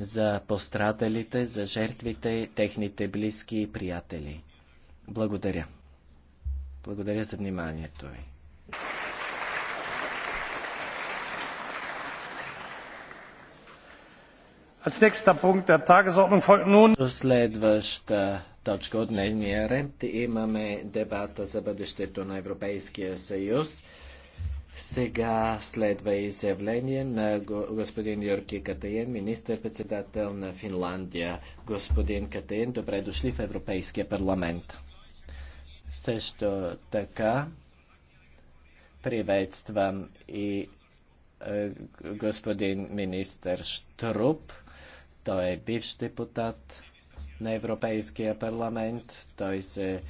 за пострадалите, за жертвите, техните близки и приятели. Благодаря. Благодаря за вниманието ви. Следваща точка от дневния ред имаме дебата за бъдещето на Европейския съюз. Сега следва изявление на господин Йорки Катаен, министър-председател на Финландия. Господин Катаен, добре дошли в Европейския парламент. Също така приветствам и е, господин министър Штруп. Той е бивш депутат на Европейския парламент. Той се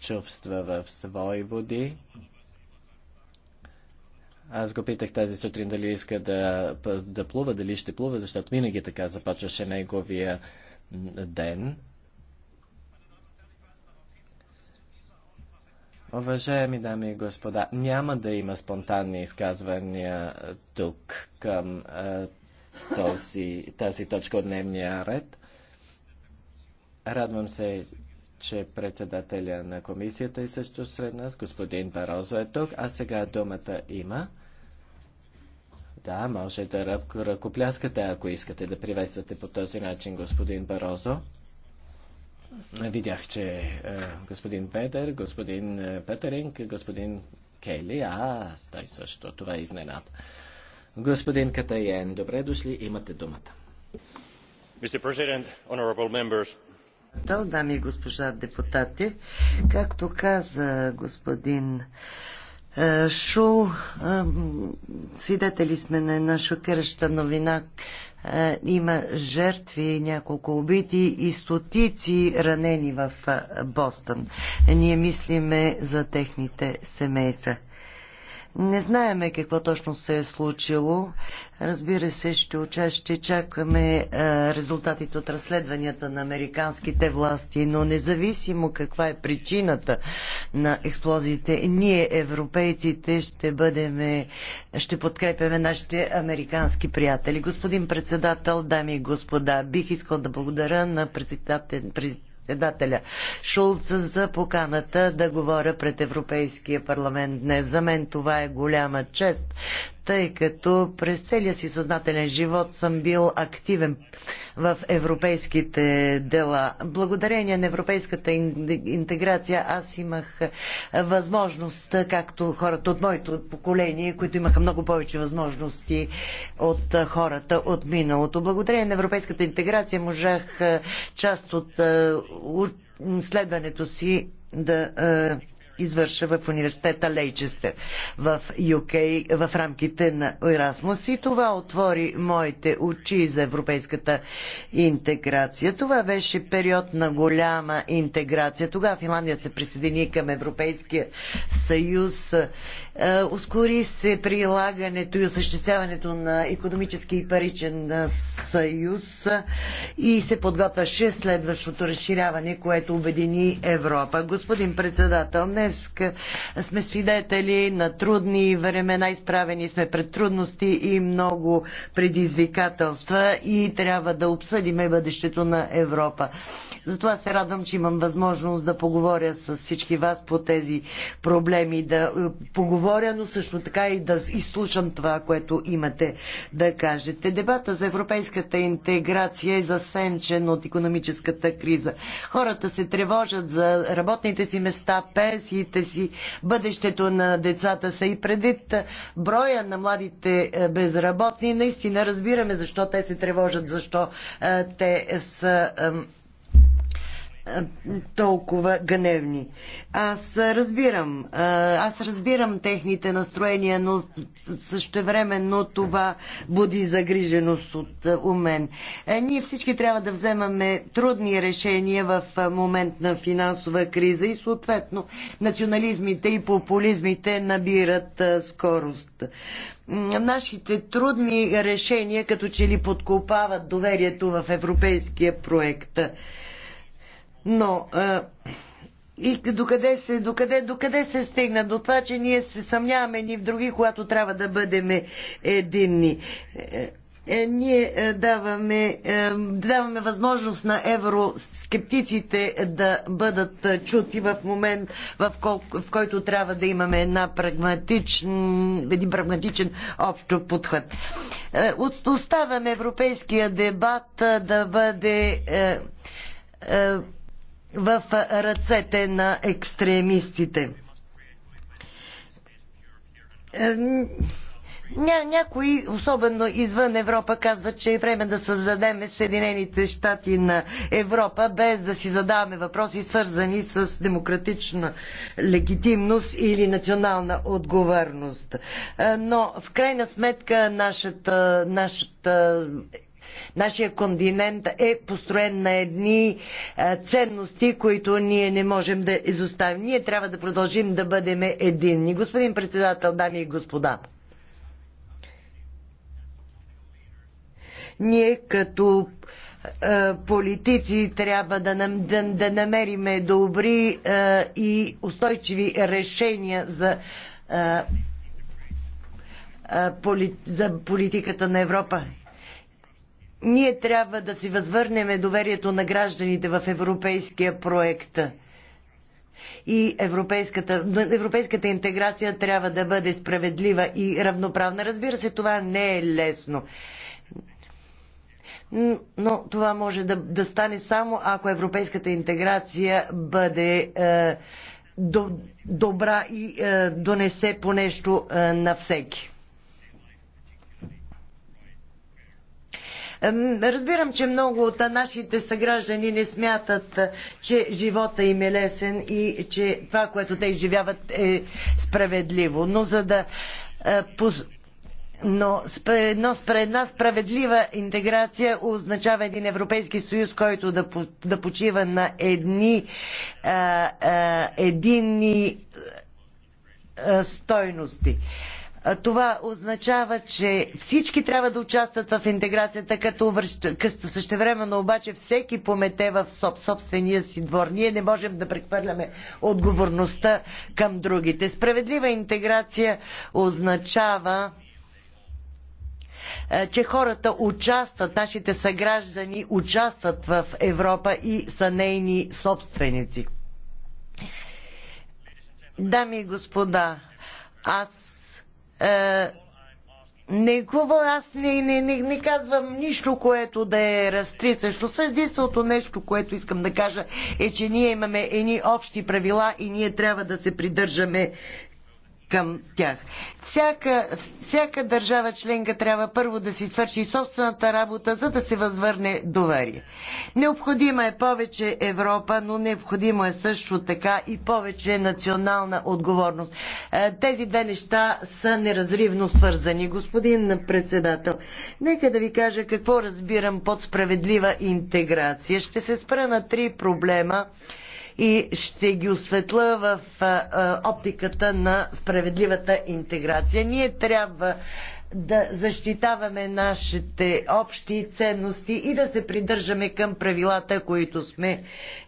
чувства в свои води. Аз го питах тази сутрин дали иска да, да плува, дали ще плува, защото винаги така започваше неговия ден. Уважаеми дами и господа, няма да има спонтанни изказвания тук към а, този, тази точка от дневния ред. Радвам се, че председателя на комисията е също сред нас. Господин Барозо е тук, а сега думата има. Да, може да ръкопляскате, ако искате да приветствате по този начин господин Барозо. Видях, че е, господин Петър, господин е, Петеринг, господин Кейли, а, той също, това е изненада. Господин Катаен, добре дошли, имате думата. Mr. President, honorable members, председател, дами и госпожа депутати. Както каза господин е, Шул, е, свидетели сме на една шокираща новина. Е, има жертви, няколко убити и стотици ранени в Бостън. Ние мислиме за техните семейства. Не знаеме какво точно се е случило. Разбира се, ще, уча, чакаме а, е, резултатите от разследванията на американските власти, но независимо каква е причината на експлозиите, ние, европейците, ще бъдем, е, ще подкрепяме нашите американски приятели. Господин председател, дами и господа, бих искал да благодаря на президента председателя Шулца за поканата да говоря пред Европейския парламент днес. За мен това е голяма чест тъй като през целия си съзнателен живот съм бил активен в европейските дела. Благодарение на европейската интеграция аз имах възможност, както хората от моето поколение, които имаха много повече възможности от хората от миналото. Благодарение на европейската интеграция можах част от е, следването си да е, извърша в университета Лейчестер в ЮК в рамките на Erasmus и това отвори моите очи за европейската интеграция. Това беше период на голяма интеграция. Тогава Финландия се присъедини към Европейския съюз. Е, ускори се прилагането и осъществяването на економически и паричен е, съюз и се подготвяше следващото разширяване, което обедини Европа. Господин председател, не Днес сме свидетели на трудни времена, изправени сме пред трудности и много предизвикателства и трябва да обсъдиме бъдещето на Европа. Затова се радвам, че имам възможност да поговоря с всички вас по тези проблеми, да е, поговоря, но също така и да изслушам това, което имате да кажете. Дебата за европейската интеграция е засенчен от економическата криза. Хората се тревожат за работните си места, пенсиите си, бъдещето на децата са и предвид броя на младите е, безработни. Наистина разбираме защо те се тревожат, защо е, те са толкова гневни. Аз разбирам, аз разбирам техните настроения, но също но това буди загриженост от у мен. Е, ние всички трябва да вземаме трудни решения в момент на финансова криза и съответно национализмите и популизмите набират скорост. Нашите трудни решения като че ли подкопават доверието в европейския проект. Но а, и докъде се, докъде, докъде се стигна? До това, че ние се съмняваме ни в други, когато трябва да бъдем единни. Е, е, ние е, даваме, даваме възможност на евроскептиците да бъдат чути в момент, в, кол, в който трябва да имаме една прагматичен, един прагматичен общо подход. Оставяме европейския дебат да бъде в ръцете на екстремистите. Ня, някои, особено извън Европа, казват, че е време да създадем Съединените щати на Европа, без да си задаваме въпроси, свързани с демократична легитимност или национална отговорност. Е, но в крайна сметка нашата, нашата Нашия континент е построен на едни ценности, които ние не можем да изоставим. Ние трябва да продължим да бъдем единни. Господин председател, дами и господа, ние като политици трябва да, нам, да, да намериме добри а, и устойчиви решения за, а, а, поли, за политиката на Европа. Ние трябва да си възвърнем доверието на гражданите в европейския проект. И европейската, европейската интеграция трябва да бъде справедлива и равноправна. Разбира се, това не е лесно. Но това може да, да стане само ако европейската интеграция бъде е, до, добра и е, донесе по нещо е, на всеки. Разбирам, че много от нашите съграждани не смятат, че живота им е лесен и че това, което те изживяват е справедливо. Но за да но едно, една справедлива интеграция означава един Европейски съюз, който да, да почива на едни а, а, единни а, стойности. А, това означава, че всички трябва да участват в интеграцията, като същевременно обаче всеки помете в собствения си двор. Ние не можем да прехвърляме отговорността към другите. Справедлива интеграция означава че хората участват, нашите съграждани участват в Европа и са нейни собственици. Дами и господа, аз е, не говоря, аз не, не, не, не казвам нищо, което да е разтрисащо. Единственото нещо, което искам да кажа е, че ние имаме едни общи правила и ние трябва да се придържаме към тях. Всяка, всяка държава членка трябва първо да си свърши собствената работа, за да се възвърне доверие. Необходима е повече Европа, но необходимо е също така и повече национална отговорност. Е, тези две неща са неразривно свързани. Господин председател, нека да ви кажа какво разбирам под справедлива интеграция. Ще се спра на три проблема и ще ги осветла в оптиката на справедливата интеграция. Ние трябва да защитаваме нашите общи ценности и да се придържаме към правилата, които сме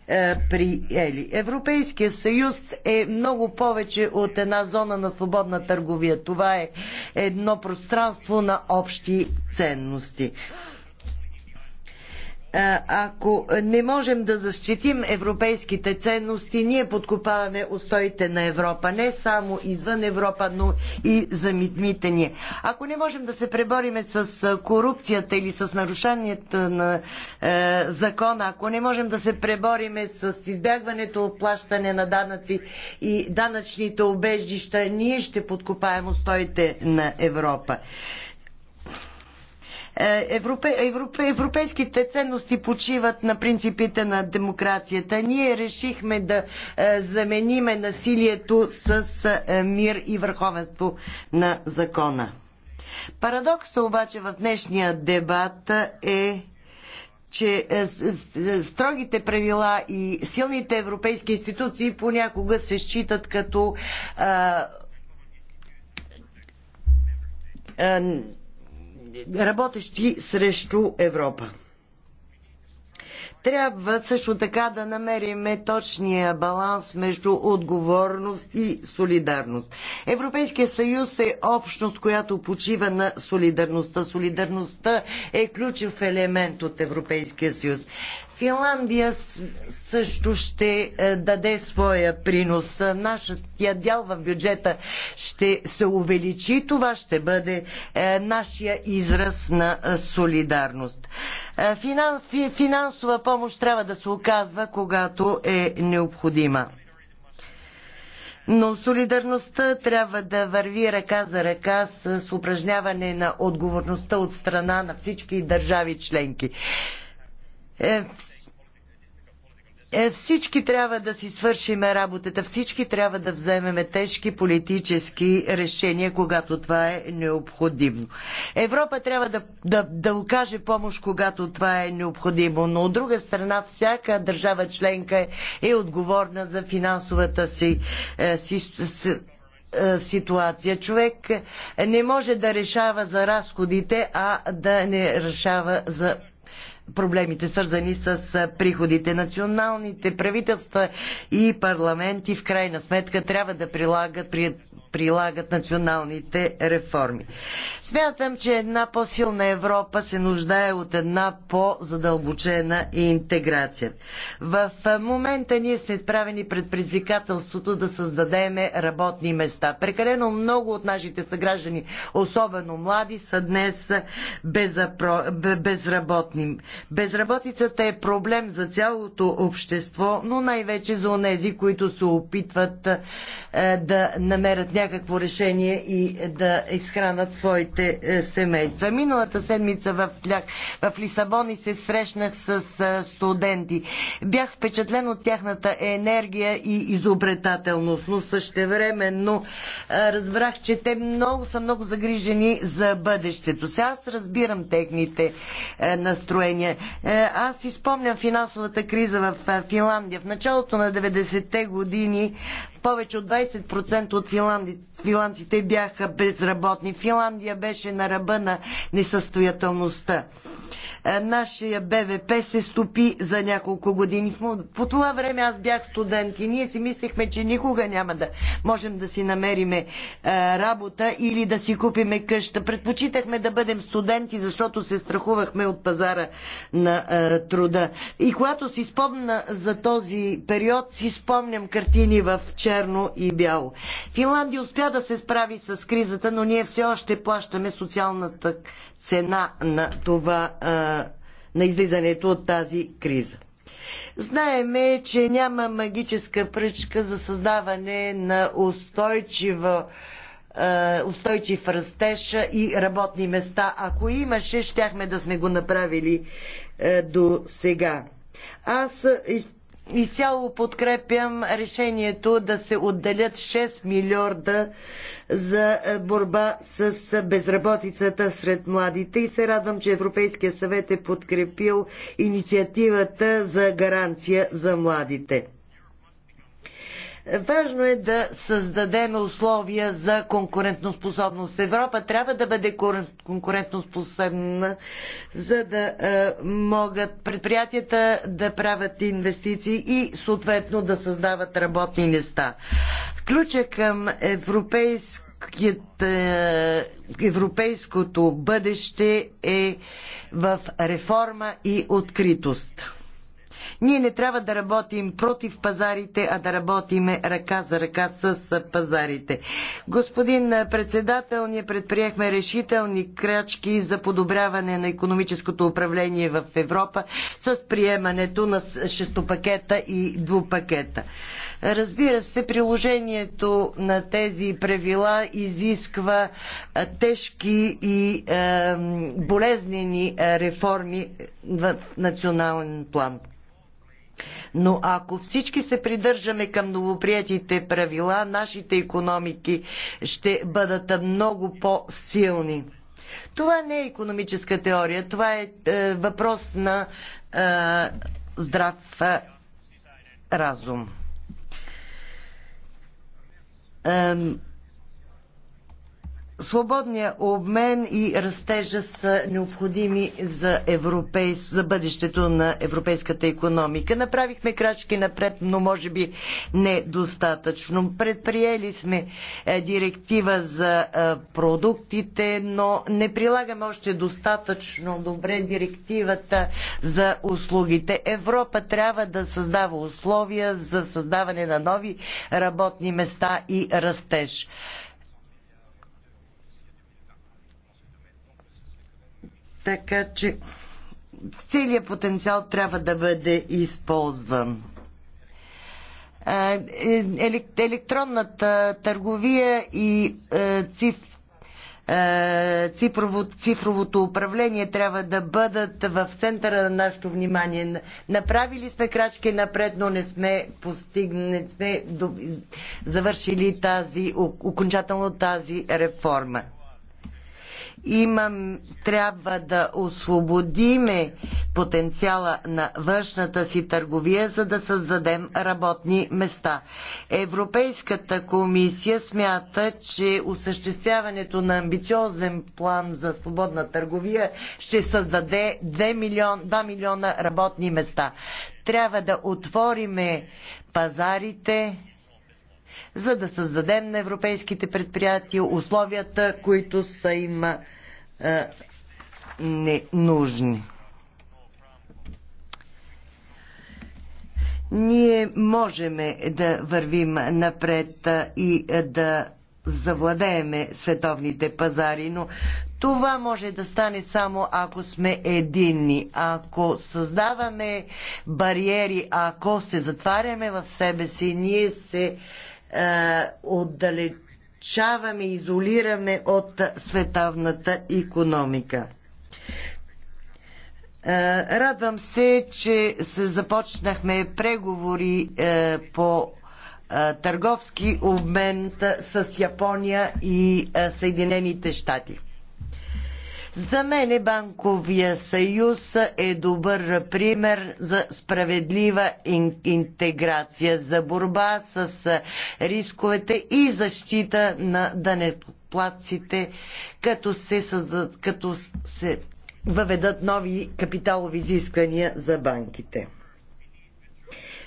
е, приели. Европейския съюз е много повече от една зона на свободна търговия. Това е едно пространство на общи ценности ако не можем да защитим европейските ценности, ние подкопаваме устоите на Европа, не само извън Европа, но и за митмите ни. Ако не можем да се пребориме с корупцията или с нарушенията на е, закона, ако не можем да се пребориме с избягването от плащане на данъци и данъчните обеждища, ние ще подкопаем устоите на Европа. Е, европе, европе, европейските ценности почиват на принципите на демокрацията. Ние решихме да е, замениме насилието с е, мир и върховенство на закона. Парадокса обаче в днешния дебат е че строгите правила и силните европейски институции понякога се считат като работещи срещу Европа. Трябва също така да намерим точния баланс между отговорност и солидарност. Европейския съюз е общност, която почива на солидарността. Солидарността е ключов елемент от Европейския съюз. Финландия също ще е, даде своя принос. Нашия дял в бюджета ще се увеличи. Това ще бъде е, нашия израз на е, солидарност. Финансова помощ трябва да се оказва, когато е необходима. Но солидарността трябва да върви ръка за ръка с упражняване на отговорността от страна на всички държави членки. Е, всички трябва да си свършиме работата, всички трябва да вземеме тежки политически решения, когато това е необходимо. Европа трябва да, да, да окаже помощ, когато това е необходимо, но от друга страна всяка държава членка е отговорна за финансовата си, е, си, с, е, ситуация. Човек не може да решава за разходите, а да не решава за проблемите, свързани с приходите. Националните правителства и парламенти в крайна сметка трябва да прилагат прилагат националните реформи. Смятам, че една по-силна Европа се нуждае от една по-задълбочена интеграция. В момента ние сме изправени пред предизвикателството да създадем работни места. Прекалено много от нашите съграждани, особено млади, са днес безработни. Безработицата е проблем за цялото общество, но най-вече за онези, които се опитват е, да намерят някакво решение и да изхранат своите е, семейства. Миналата седмица в, в Лисабон и се срещнах с е, студенти. Бях впечатлен от тяхната енергия и изобретателност, но също но е, разбрах, че те много са много загрижени за бъдещето. Сега аз разбирам техните настроения. Аз изпомням финансовата криза в Финландия. В началото на 90-те години повече от 20% от финландците бяха безработни. Финландия беше на ръба на несъстоятелността. Е, нашия БВП се стопи за няколко години. По това време аз бях студент и ние си мислихме, че никога няма да можем да си намериме е, работа или да си купиме къща. Предпочитахме да бъдем студенти, защото се страхувахме от пазара на е, труда. И когато си спомна за този период, си спомням картини в черно и бяло. Финландия успя да се справи с кризата, но ние все още плащаме социалната цена на това на излизането от тази криза. Знаеме, че няма магическа пръчка за създаване на устойчива е, устойчив растеж и работни места. Ако имаше, щяхме да сме го направили е, до сега. Аз изцяло подкрепям решението да се отделят 6 милиарда за е, борба с безработицата сред младите и се радвам, че Европейския съвет е подкрепил инициативата за гаранция за младите. Важно е да създадем условия за конкурентоспособност. Европа трябва да бъде конкурентоспособна, за да е, могат предприятията да правят инвестиции и съответно да създават работни места. Ключа към европейски е, европейското бъдеще е в реформа и откритост. Ние не трябва да работим против пазарите, а да работиме ръка за ръка с пазарите. Господин председател, ние предприехме решителни крачки за подобряване на економическото управление в Европа с приемането на шестопакета и двупакета. Разбира се, приложението на тези правила изисква тежки и е, болезнени реформи в национален план. Но ако всички се придържаме към новоприятите правила, нашите економики ще бъдат много по-силни. Това не е економическа теория, това е, е въпрос на е, здрав е, разум. Е, Свободният обмен и растежа са необходими за, европей... за бъдещето на европейската економика. Направихме крачки напред, но може би недостатъчно. Предприели сме е, директива за е, продуктите, но не прилагаме още достатъчно добре директивата за услугите. Европа трябва да създава условия за създаване на нови работни места и растеж. Така че целият потенциал трябва да бъде използван. Е, електронната търговия и е, циф, е, цифрово, цифровото управление трябва да бъдат в центъра на нашето внимание. Направили сме крачки напред, но не сме постигнали, сме завършили тази, окончателно тази реформа. Имам, трябва да освободиме потенциала на външната си търговия, за да създадем работни места. Европейската комисия смята, че осъществяването на амбициозен план за свободна търговия ще създаде 2 милион, 2 милиона работни места. Трябва да отвориме пазарите, за да създадем на европейските предприятия условията, които са им е, не, ненужни. Ние можем да вървим напред е, и е, да завладееме световните пазари, но това може да стане само ако сме единни, ако създаваме бариери, ако се затваряме в себе си, ние се е, отдалечаваме, изолираме от световната економика. Е, радвам се, че се започнахме преговори е, по търговски обмен с Япония и Съединените щати. За мен банковия съюз е добър пример за справедлива интеграция, за борба с рисковете и защита на данеплаците, като се, създадат, като се въведат нови капиталови изисквания за банките.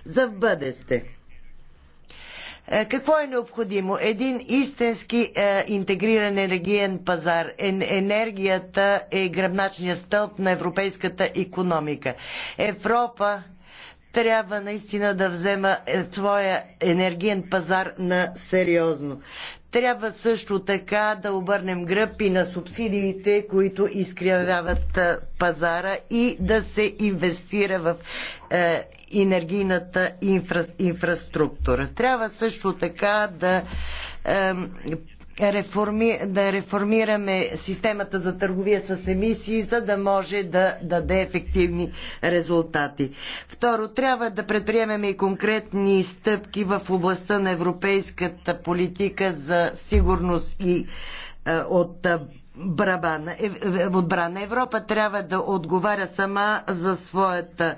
За в бъдеще е, какво е необходимо? Един истински е, интегриран енергиен пазар. Енергията е гръбначният стълб на европейската економика. Европа трябва наистина да взема е, своя енергиен пазар на сериозно. Трябва също така да обърнем гръб и на субсидиите, които изкривяват е, пазара и да се инвестира в е, енергийната инфра, инфраструктура. Трябва също така да е, реформи, да реформираме системата за търговия с емисии, за да може да даде ефективни резултати. Второ, трябва да предприемем и конкретни стъпки в областта на европейската политика за сигурност и е, от е, Брабана, е, е, отбрана. Европа трябва да отговаря сама за своята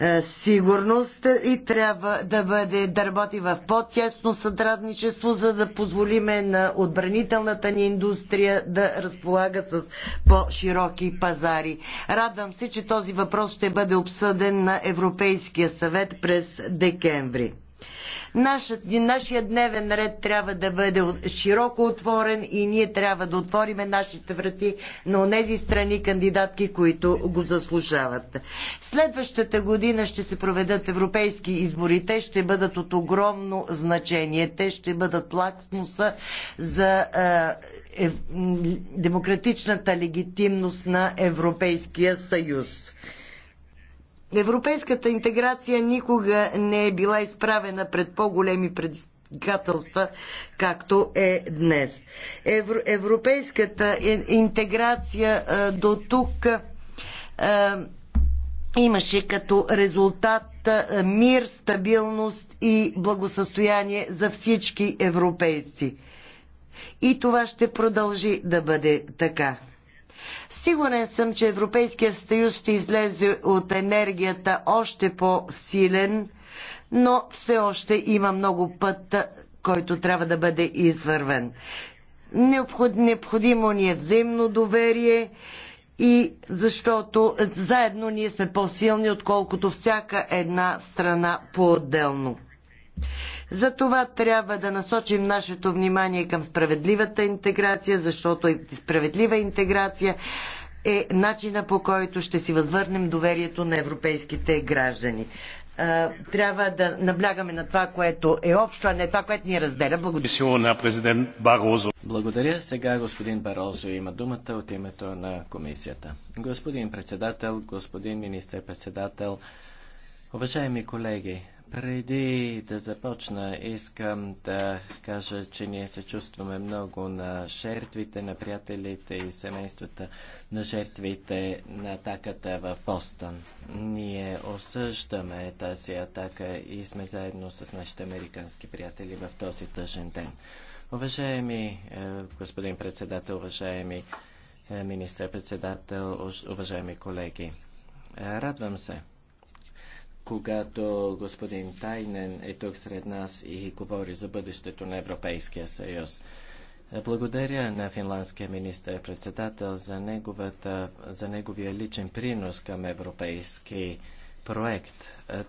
е, сигурност и трябва да, бъде, да работи в по-тясно сътрудничество, за да позволиме на отбранителната ни индустрия да разполага с по-широки пазари. Радвам се, че този въпрос ще бъде обсъден на Европейския съвет през декември. Нашът, нашия дневен ред трябва да бъде широко отворен и ние трябва да отвориме нашите врати на тези страни кандидатки, които го заслужават. Следващата година ще се проведат европейски избори. Те ще бъдат от огромно значение. Те ще бъдат лаксмуса за е, е, демократичната легитимност на Европейския съюз. Европейската интеграция никога не е била изправена пред по-големи предизвикателства, както е днес. Евро, европейската интеграция до тук имаше като резултат мир, стабилност и благосъстояние за всички европейци. И това ще продължи да бъде така. Сигурен съм, че Европейския съюз ще излезе от енергията още по-силен, но все още има много път, който трябва да бъде извървен. Необходимо ни е взаимно доверие и защото заедно ние сме по-силни, отколкото всяка една страна по-отделно. Затова трябва да насочим нашето внимание към справедливата интеграция, защото справедлива интеграция е начина по който ще си възвърнем доверието на европейските граждани. Трябва да наблягаме на това, което е общо, а не това, което ни разделя. Благодаря. Благодаря. Сега господин Барозо има думата от името на комисията. Господин председател, господин министър-председател, уважаеми колеги, преди да започна, искам да кажа, че ние се чувстваме много на жертвите, на приятелите и семействата на жертвите на атаката в Бостон. Ние осъждаме тази атака и сме заедно с нашите американски приятели в този тъжен ден. Уважаеми е, господин председател, уважаеми е, министър-председател, уважаеми колеги, радвам се, когато господин Тайнен е тук сред нас и говори за бъдещето на Европейския съюз. Благодаря на финландския министър-председател за, неговата, за неговия личен принос към европейски проект.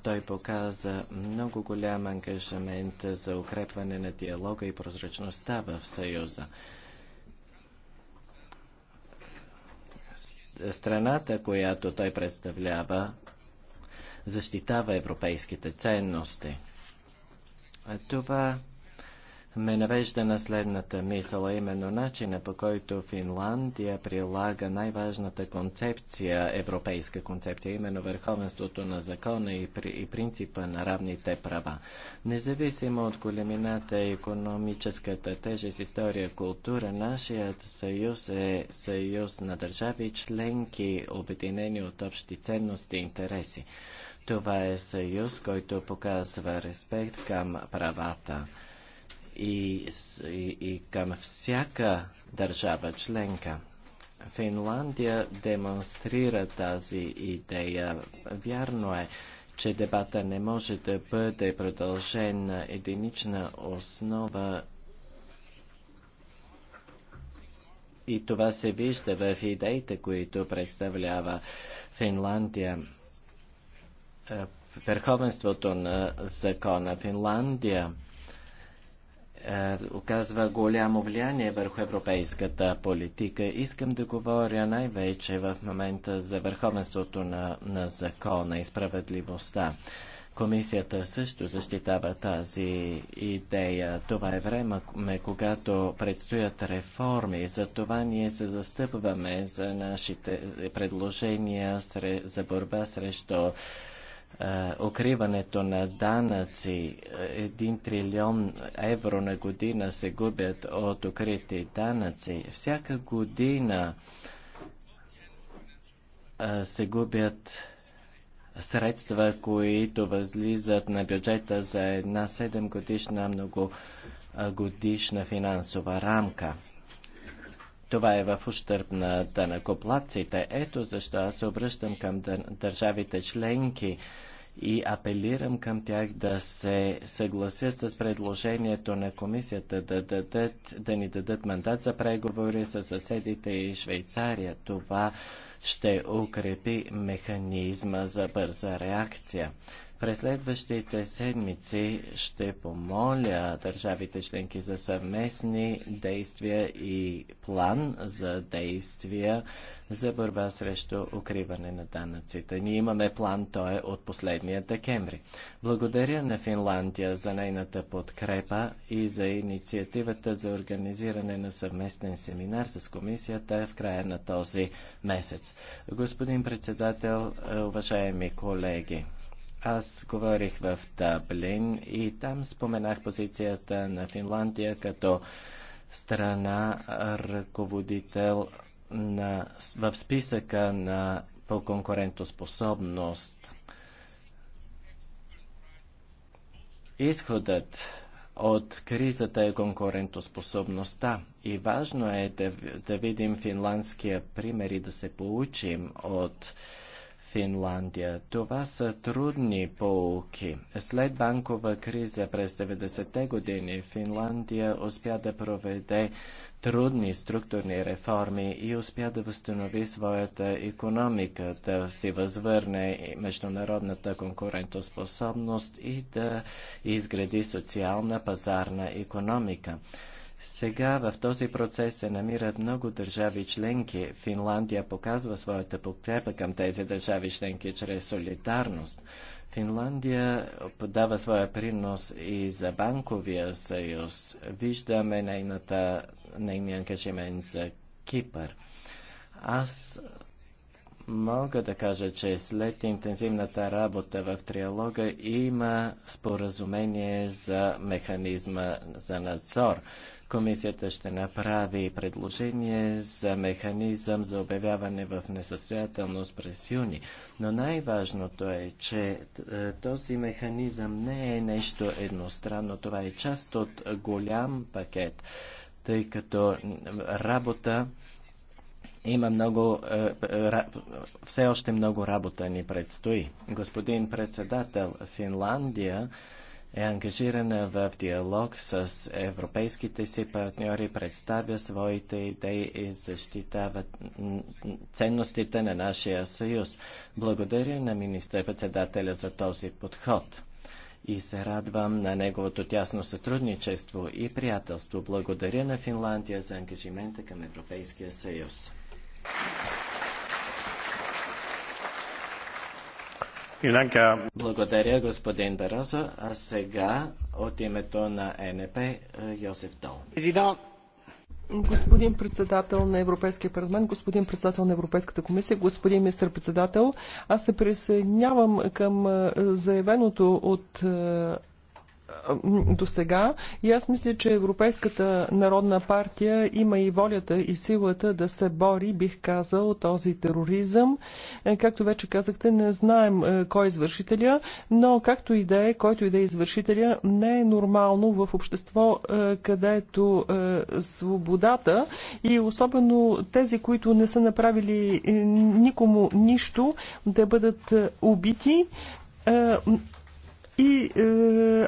Той показа много голям ангажамент за укрепване на диалога и прозрачността в Съюза. Страната, която той представлява, защитава европейските ценности. Това ме навежда на следната мисъл, а именно начина по който Финландия прилага най-важната концепция, европейска концепция, именно върховенството на закона и, при, и принципа на равните права. Независимо от големината, економическата тежест, история, култура, нашият съюз е съюз на държави членки, обединени от общи ценности и интереси. Това е съюз, който показва респект към правата и, и, и към всяка държава членка. Финландия демонстрира тази идея. Вярно е, че дебата не може да бъде продължен на единична основа и това се вижда в идеите, които представлява Финландия. Е, върховенството на закона. Финландия е, оказва голямо влияние върху европейската политика. Искам да говоря най-вече в момента за върховенството на, на закона и справедливостта. Комисията също защитава тази идея. Това е време, когато предстоят реформи. За това ние се застъпваме за нашите предложения за борба срещу е, укриването на данъци. Е, един трилион евро на година се губят от укрити данъци. Всяка година е, се губят средства, които възлизат на бюджета за една 7 годишна много годишна финансова рамка. Това е в ущърп на данакоплаците. Ето защо аз се обръщам към държавите членки и апелирам към тях да се съгласят с предложението на комисията да, дадат, да ни дадат мандат за преговори с съседите и Швейцария. Това ще укрепи механизма за бърза реакция. През следващите седмици ще помоля държавите членки за съвместни действия и план за действия за борба срещу укриване на данъците. Ние имаме план, той е от последния декември. Благодаря на Финландия за нейната подкрепа и за инициативата за организиране на съвместен семинар с комисията в края на този месец. Господин председател, е, уважаеми колеги, аз говорих в Таблин и там споменах позицията на Финландия като страна ръководител на, в списъка на по конкурентоспособност. Изходът от кризата е конкурентоспособността и важно е да, да видим финландския пример и да се получим от Финландия. Това са трудни поуки. След банкова криза през 90-те години Финландия успя да проведе трудни структурни реформи и успя да възстанови своята економика, да си възвърне международната конкурентоспособност и да изгради социална пазарна економика. Сега в този процес се намират много държави членки. Финландия показва своята подкрепа към тези държави членки чрез солидарност. Финландия подава своя принос и за банковия съюз. Виждаме нейната, нейния ангажимент за Кипър. Аз мога да кажа, че след интензивната работа в триалога има споразумение за механизма за надзор. Комисията ще направи предложение за механизъм за обявяване в несъстоятелност през юни. Но най-важното е, че е, този механизъм не е нещо едностранно. Това е част от голям пакет, тъй като работа има много, е, е, все още много работа ни предстои. Господин председател, Финландия е ангажирана в диалог с европейските си партньори, представя своите идеи и защитава ценностите на нашия съюз. Благодаря на министър-председателя за този подход и се радвам на неговото тясно сътрудничество и приятелство. Благодаря на Финландия за ангажимента към Европейския съюз. Благодаря, господин Берозо. А сега от името на ЕНП Йосиф Дол. Господин председател на Европейския парламент, господин председател на Европейската комисия, господин министър председател аз се присъединявам към заявеното от до сега. И аз мисля, че Европейската народна партия има и волята и силата да се бори, бих казал, този тероризъм. Е, както вече казахте, не знаем е, кой е извършителя, но както и да е, който и да е извършителя, не е нормално в общество, е, където свободата и особено тези, които не са направили никому нищо, да бъдат убити и е,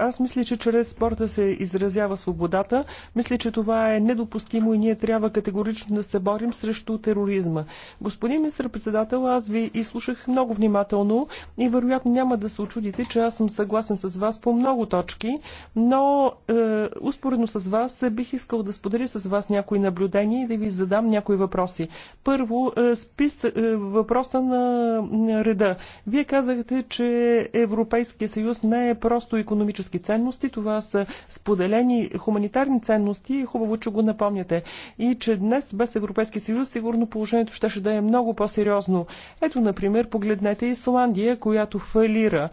аз мисля, че чрез спорта се изразява свободата. Мисля, че това е недопустимо и ние трябва категорично да се борим срещу тероризма. Господин министр председател аз ви изслушах много внимателно и вероятно няма да се очудите, че аз съм съгласен с вас по много точки, но е, успоредно с вас бих искал да споделя с вас някои наблюдения и да ви задам някои въпроси. Първо, е, спис, е, въпроса на, на реда. Вие казахте, че Европейския съюз не не е просто економически ценности, това са споделени хуманитарни ценности. Хубаво, че го напомняте. И че днес без Европейски съюз сигурно положението ще, ще да е много по-сериозно. Ето, например, погледнете Исландия, която фалира.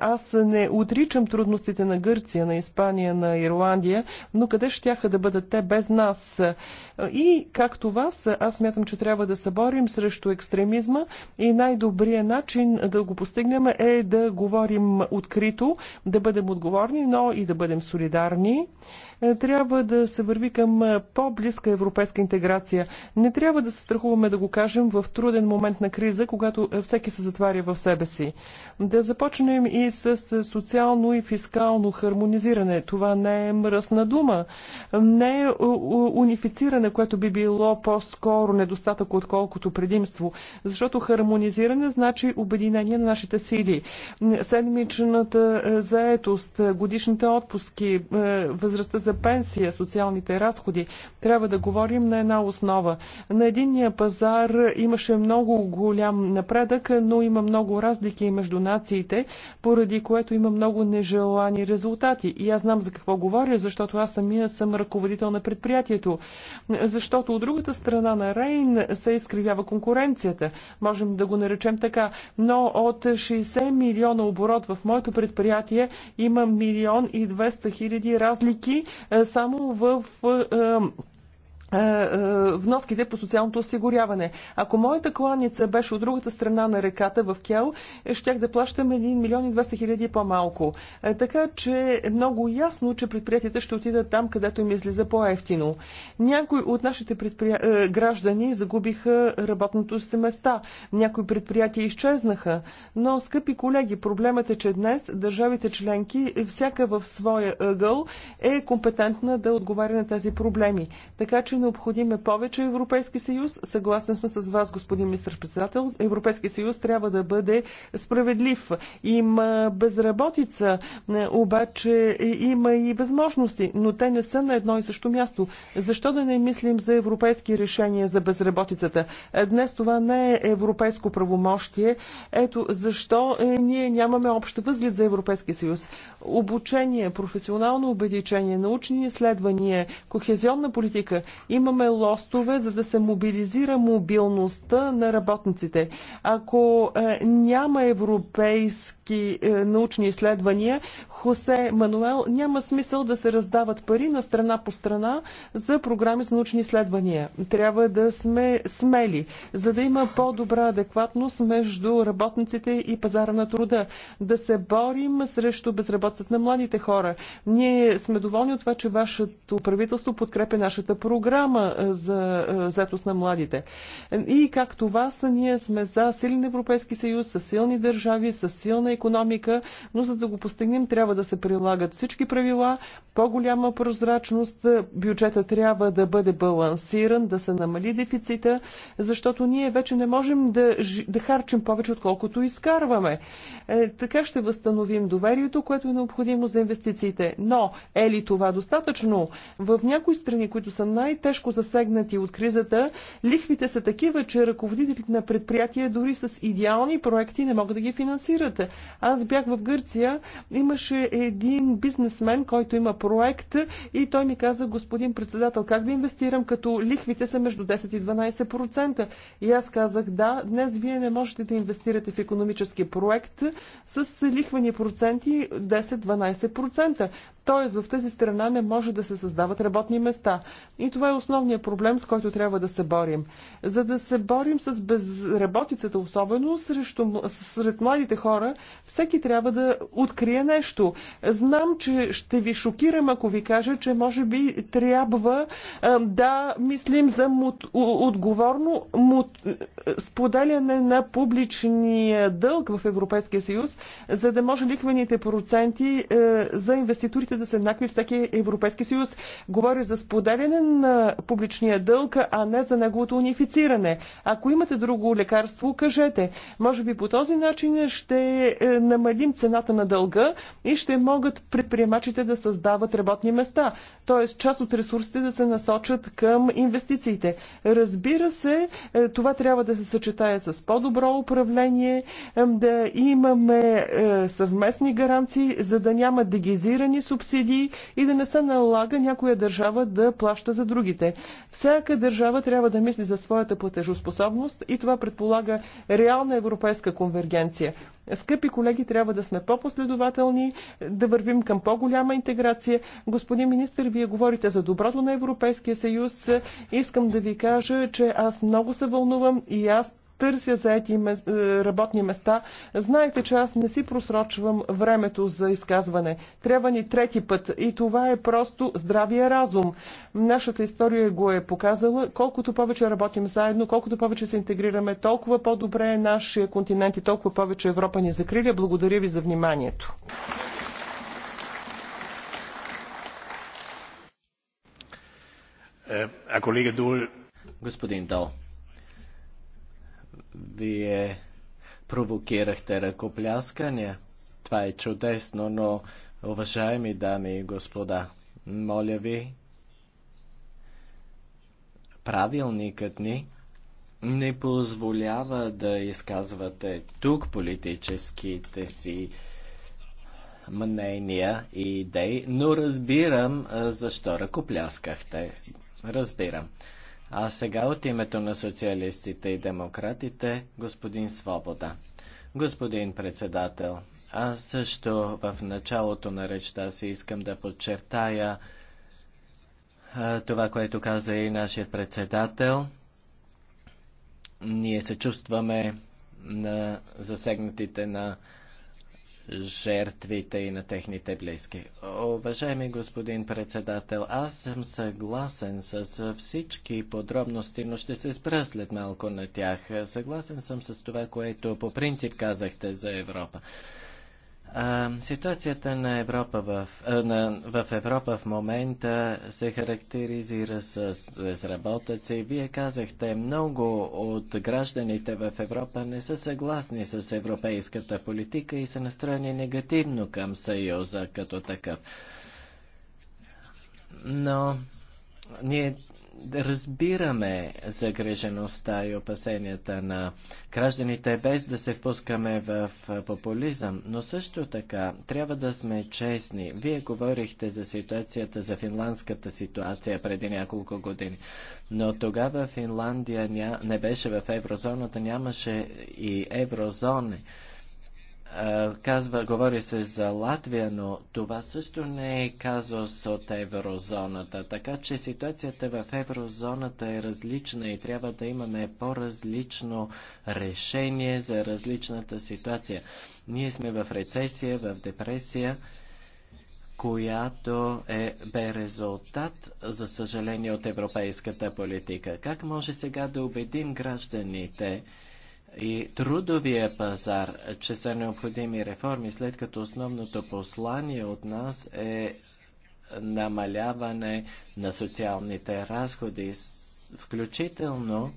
Аз не отричам трудностите на Гърция, на Испания, на Ирландия, но къде тяха да бъдат те без нас? И както вас, аз смятам, че трябва да се борим срещу екстремизма и най-добрият начин да го постигнем е да говорим открито, да бъдем отговорни, но и да бъдем солидарни. Трябва да се върви към по-близка европейска интеграция. Не трябва да се страхуваме да го кажем в труден момент на криза, когато всеки се затваря в себе си. Да започнем и с социално и фискално хармонизиране. Това не е мръсна дума. Не е унифициране, което би било по-скоро недостатък, отколкото предимство. Защото хармонизиране значи обединение на нашите сили. Седмичната заетост, годишните отпуски, възрастта за за пенсия, социалните разходи. Трябва да говорим на една основа. На единния пазар имаше много голям напредък, но има много разлики между нациите, поради което има много нежелани резултати. И аз знам за какво говоря, защото аз самия съм ръководител на предприятието. Защото от другата страна на Рейн се изкривява конкуренцията. Можем да го наречем така. Но от 60 милиона оборот в моето предприятие има милион и 200 хиляди разлики е, само в е, е, е, вноските по социалното осигуряване. Ако моята кланица беше от другата страна на реката в Кел, е, щях да плащам 1 милион и 200 хиляди по-малко. Така че е много ясно, че предприятията ще отидат там, където им излиза по-ефтино. Някои от нашите предприя... граждани загубиха работното си места. Някои предприятия изчезнаха. Но, скъпи колеги, проблемът е, че днес държавите членки, всяка в своя ъгъл, е компетентна да отговаря на тези проблеми. Така че необходим е повече Европейски съюз. Съгласен сме с вас, господин министр-председател. Европейски съюз трябва да бъде справедлив. Има безработица, е, обаче има и възможности, но те не са на едно и също място. Защо да не мислим за европейски решения за безработицата? Е, днес това не е европейско правомощие. Ето защо е, ние нямаме общ възглед за Европейския съюз обучение, професионално обедичение, научни изследвания, кохезионна политика. Имаме лостове, за да се мобилизира мобилността на работниците. Ако е, няма европейски е, научни изследвания, Хосе Мануел няма смисъл да се раздават пари на страна по страна за програми за научни изследвания. Трябва да сме смели, за да има по-добра адекватност между работниците и пазара на труда. Да се борим срещу безработни безработицата на младите хора. Ние сме доволни от това, че вашето правителство подкрепя нашата програма е, за е, заетост на младите. И както вас, ние сме за силен Европейски съюз, с силни държави, с силна економика, но за да го постигнем трябва да се прилагат всички правила, по-голяма прозрачност, бюджета трябва да бъде балансиран, да се намали дефицита, защото ние вече не можем да, да харчим повече, отколкото изкарваме. Е, така ще възстановим доверието, което е необходимо за инвестициите. Но е ли това достатъчно? В някои страни, които са най-тежко засегнати от кризата, лихвите са такива, че ръководителите на предприятия дори с идеални проекти не могат да ги финансират. Аз бях в Гърция, имаше един бизнесмен, който има проект и той ми каза, господин председател, как да инвестирам, като лихвите са между 10 и 12%. И аз казах, да, днес вие не можете да инвестирате в економически проект с лихвени проценти 10 10-12%. Т.е. в тази страна не може да се създават работни места. И това е основният проблем, с който трябва да се борим. За да се борим с безработицата, особено срещу, сред младите хора, всеки трябва да открие нещо. Знам, че ще ви шокирам, ако ви кажа, че може би трябва а, да мислим за мут, отговорно мут, споделяне на публичния дълг в Европейския съюз, за да може лихвените проценти а, е, за инвеститорите да са еднакви всеки Европейски съюз. говори за споделяне на публичния дълг, а не за неговото унифициране. Ако имате друго лекарство, кажете. Може би по този начин ще е, намалим цената на дълга и ще могат предприемачите да създават работни места. Тоест част от ресурсите да се насочат към инвестициите. Разбира се, е, това трябва да се съчетае с по-добро управление, е, да имаме съвместни гаранции, за да няма дегизирани субсидии субсидии и да не се налага някоя държава да плаща за другите. Всяка държава трябва да мисли за своята платежоспособност и това предполага реална европейска конвергенция. Скъпи колеги, трябва да сме по-последователни, да вървим към по-голяма интеграция. Господин министр, вие говорите за доброто на Европейския съюз. Искам да ви кажа, че аз много се вълнувам и аз търся заети е, работни места. Знаете, че аз не си просрочвам времето за изказване. Трябва ни трети път и това е просто здравия разум. Нашата история го е показала. Колкото повече работим заедно, колкото повече се интегрираме, толкова по-добре е нашия континент и толкова повече Европа ни закриля. Благодаря ви за вниманието. Е, Господин Дол, вие провокирахте ръкопляскания. Това е чудесно, но, уважаеми дами и господа, моля ви, правилникът ни не позволява да изказвате тук политическите си мнения и идеи, но разбирам защо ръкопляскахте. Разбирам. А сега от името на социалистите и демократите, господин Свобода. Господин председател, аз също в началото на речта си искам да подчертая това, което каза и нашият председател. Ние се чувстваме на засегнатите на жертвите и на техните близки. Уважаеми господин председател, аз съм съгласен с всички подробности, но ще се спра след малко на тях. Съгласен съм с това, което по принцип казахте за Европа. А, ситуацията на Европа в, на, в Европа в момента се характеризира с и Вие казахте, много от гражданите в Европа не са съгласни с европейската политика и са настроени негативно към Съюза като такъв. Но ние разбираме загрежеността и опасенията на гражданите, без да се впускаме в популизъм, но също така трябва да сме честни. Вие говорихте за ситуацията, за финландската ситуация преди няколко години, но тогава Финландия не беше в еврозоната, нямаше и еврозони казва, говори се за Латвия, но това също не е казус от еврозоната. Така че ситуацията в еврозоната е различна и трябва да имаме по-различно решение за различната ситуация. Ние сме в рецесия, в депресия, която е, бе резултат, за съжаление, от европейската политика. Как може сега да убедим гражданите, и трудовия пазар, че са необходими реформи, след като основното послание от нас е намаляване на социалните разходи, включително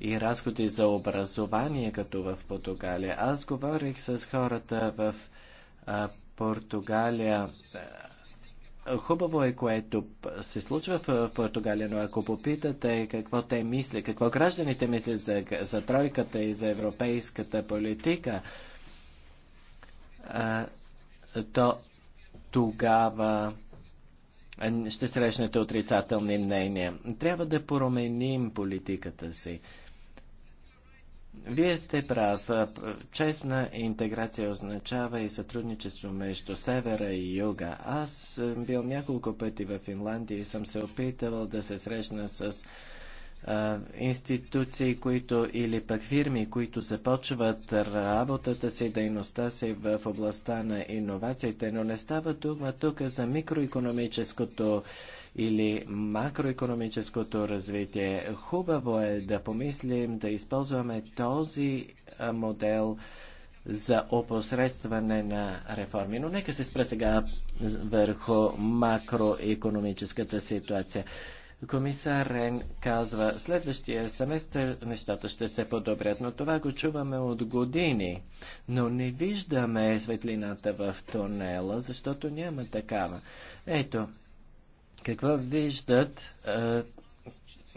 и разходи за образование, като в Португалия. Аз говорих с хората в Португалия. Хубаво е, което се случва в Португалия, но ако попитате какво те мислят, какво гражданите мислят за, за тройката и за европейската политика, то тогава ще срещнете отрицателни мнения. Трябва да променим политиката си. Вие сте прав. Честна интеграция означава и сътрудничество между севера и юга. Аз съм бил няколко пъти в Финландия и съм се опитал да се срещна с а, институции, които или пък фирми, които започват работата си, дейността си в областта на иновациите, но не става тук, тук за микроекономическото или макроекономическото развитие. Хубаво е да помислим да използваме този модел за опосредстване на реформи. Но нека се спра сега върху макроекономическата ситуация. Комисар Рен казва, следващия семестър нещата ще се подобрят, но това го чуваме от години. Но не виждаме светлината в тунела, защото няма такава. Ето, какво виждат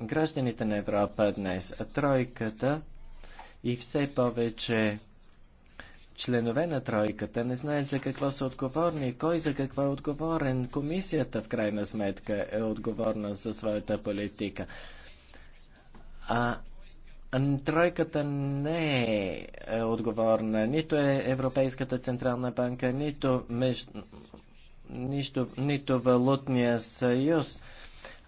гражданите на Европа днес? Тройката и все повече членове на тройката не знаят за какво са отговорни, кой за какво е отговорен. Комисията в крайна сметка е отговорна за своята политика. А Тройката не е, е отговорна, нито е Европейската Централна банка, нито между нито, нито валутния съюз.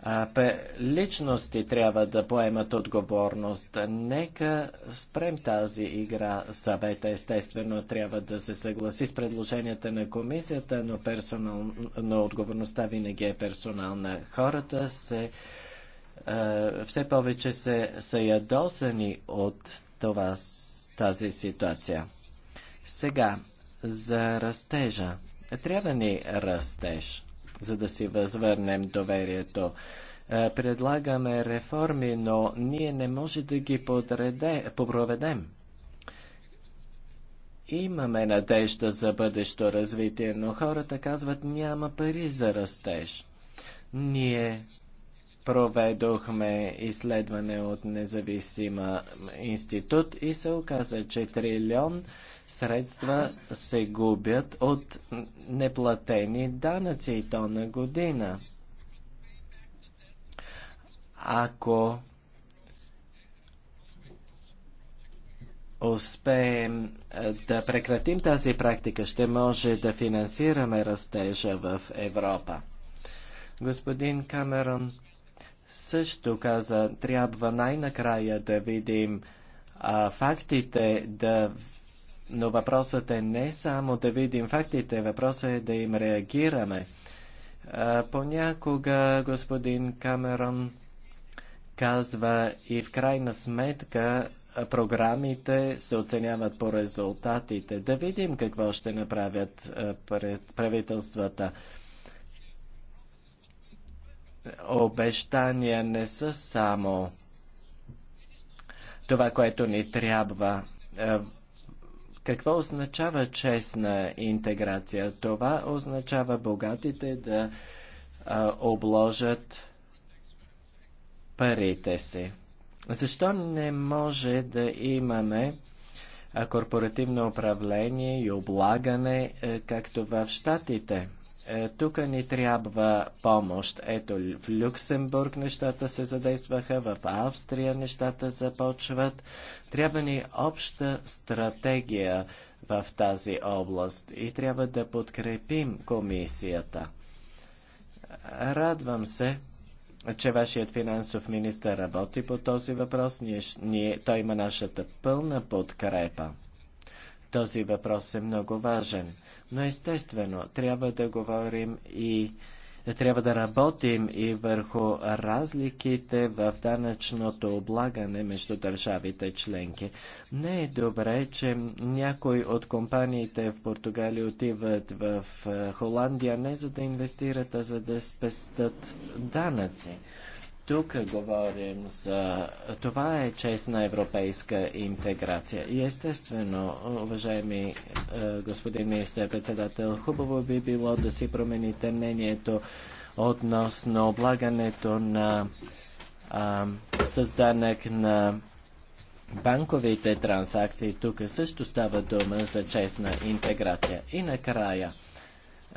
А, пе, личности трябва да поемат отговорност. Нека спрем тази игра. Съвета естествено трябва да се съгласи с предложенията на комисията, но, персонал, но отговорността винаги е персонална. Хората се все повече се, са ядосани от това, тази ситуация. Сега, за растежа. Трябва ни растеж, за да си възвърнем доверието. Е, предлагаме реформи, но ние не може да ги подреде, попроведем. Имаме надежда за бъдещо развитие, но хората казват няма пари за растеж. Ние проведохме изследване от независима институт и се оказа, че трилион средства се губят от неплатени данъци и то на година. Ако успеем да прекратим тази практика, ще може да финансираме растежа в Европа. Господин Камерон също каза, трябва най-накрая да видим а, фактите, да... но въпросът е не само да видим фактите, въпросът е да им реагираме. А, понякога господин Камерон казва и в крайна сметка програмите се оценяват по резултатите. Да видим какво ще направят правителствата обещания не са само това, което ни трябва. Е, какво означава честна интеграция? Това означава богатите да е, обложат парите си. Защо не може да имаме е, корпоративно управление и облагане, както в Штатите? Е, тук ни трябва помощ. Ето в Люксембург нещата се задействаха, в Австрия нещата започват. Трябва ни обща стратегия в тази област и трябва да подкрепим комисията. Радвам се, че вашият финансов министр работи по този въпрос. Ние, ние, той има нашата пълна подкрепа. Този въпрос е много важен. Но естествено, трябва да говорим и трябва да работим и върху разликите в данъчното облагане между държавите членки. Не е добре, че някои от компаниите в Португалия отиват в е, Холандия не за да инвестират, а за да спестат данъци. Тук говорим за... Това е честна европейска интеграция. И естествено, уважаеми е, господин министър-председател, хубаво би било да си промените мнението относно облагането на създанък на банковите транзакции. Тук също става дума за честна интеграция. И накрая –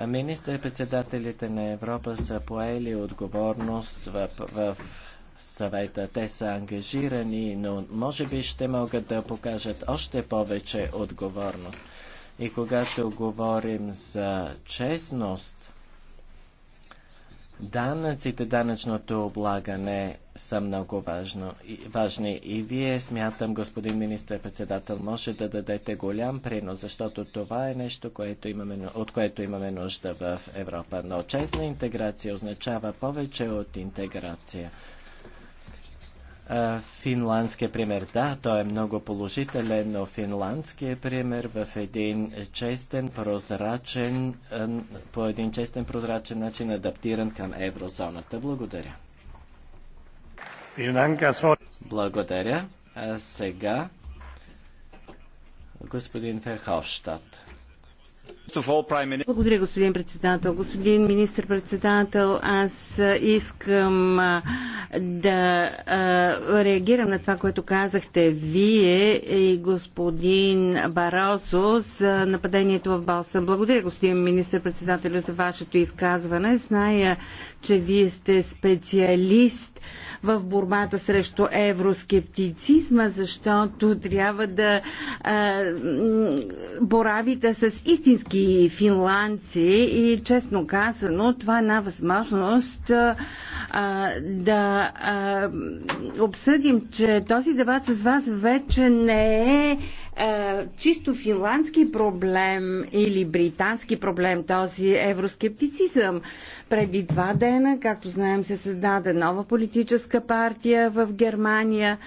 Министър-председателите на Европа са поели отговорност в, в съвета. Те са ангажирани, но може би ще могат да покажат още повече отговорност. И когато говорим за честност, Данъците, данъчното облагане са много важно, и, важни и вие, смятам, господин министър-председател, може да дадете голям принос, защото това е нещо, което имаме, от което имаме нужда в Европа. Но честна интеграция означава повече от интеграция финландския е пример. Да, той е много положителен, но финландския е пример в един честен, прозрачен, по един честен, прозрачен начин адаптиран към еврозоната. Благодаря. Благодаря. А сега господин Ферховщад. Благодаря, господин председател. Господин министр-председател, аз искам да реагирам на това, което казахте вие и господин Баросо за нападението в Бостън. Благодаря, господин министр-председател, за вашето изказване. Зная, че вие сте специалист в борбата срещу евроскептицизма, защото трябва да боравите с истински всички финландци и честно казано това е една възможност а, да а, обсъдим, че този дебат с вас вече не е а, чисто финландски проблем или британски проблем, този евроскептицизъм. Преди два дена, както знаем, се създаде нова политическа партия в Германия.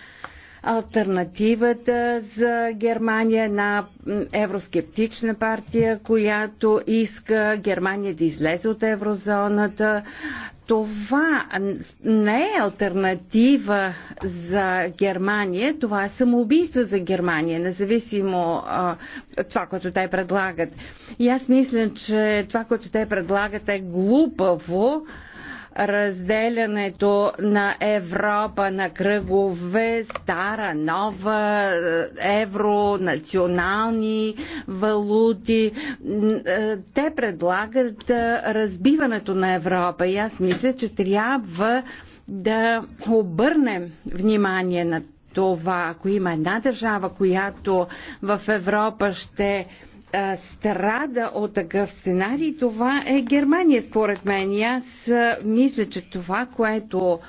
Альтернативата за Германия на една евроскептична партия, която иска Германия да излезе от еврозоната. Това не е альтернатива за Германия, това е самоубийство за Германия, независимо а, това, което те предлагат. И аз мисля, че това, което те предлагат е глупаво разделянето на Европа на кръгове, стара, нова, е, евро, национални валути. Е, те предлагат е, разбиването на Европа и аз мисля, че трябва да обърнем внимание на това, ако има една държава, която в Европа ще а, страда от такъв сценарий, това е Германия, според мен. И аз а, мисля, че това, което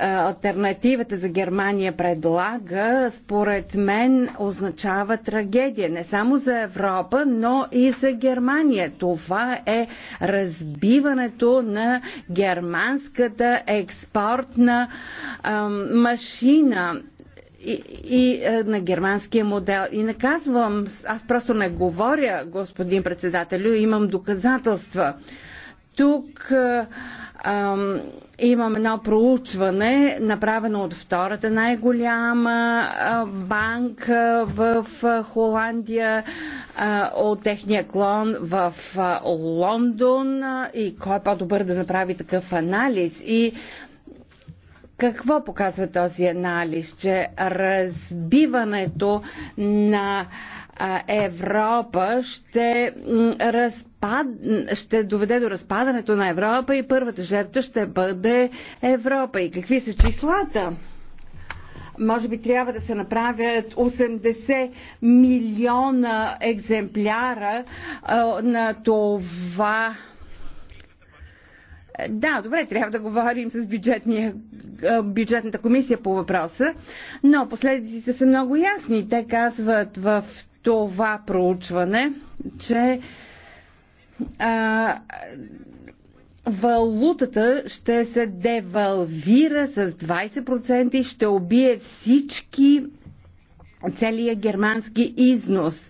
альтернативата за Германия предлага, според мен означава трагедия не само за Европа, но и за Германия. Това е разбиването на германската експортна ам, машина и, и е, на германския модел. И не казвам, аз просто не говоря, господин председателю, имам доказателства. Тук е, ам, имам едно проучване, направено от втората най-голяма е, банка в Холандия, а, от техния клон в Лондон. И кой е по-добър да направи такъв анализ? И какво показва този анализ? Че разбиването на Европа ще, разпад... ще доведе до разпадането на Европа и първата жертва ще бъде Европа. И какви са числата? може би трябва да се направят 80 милиона екземпляра а, на това да, добре, трябва да говорим с бюджетния, бюджетната комисия по въпроса, но последиците са много ясни. Те казват в това проучване, че а, валутата ще се девалвира с 20% и ще убие всички целия германски износ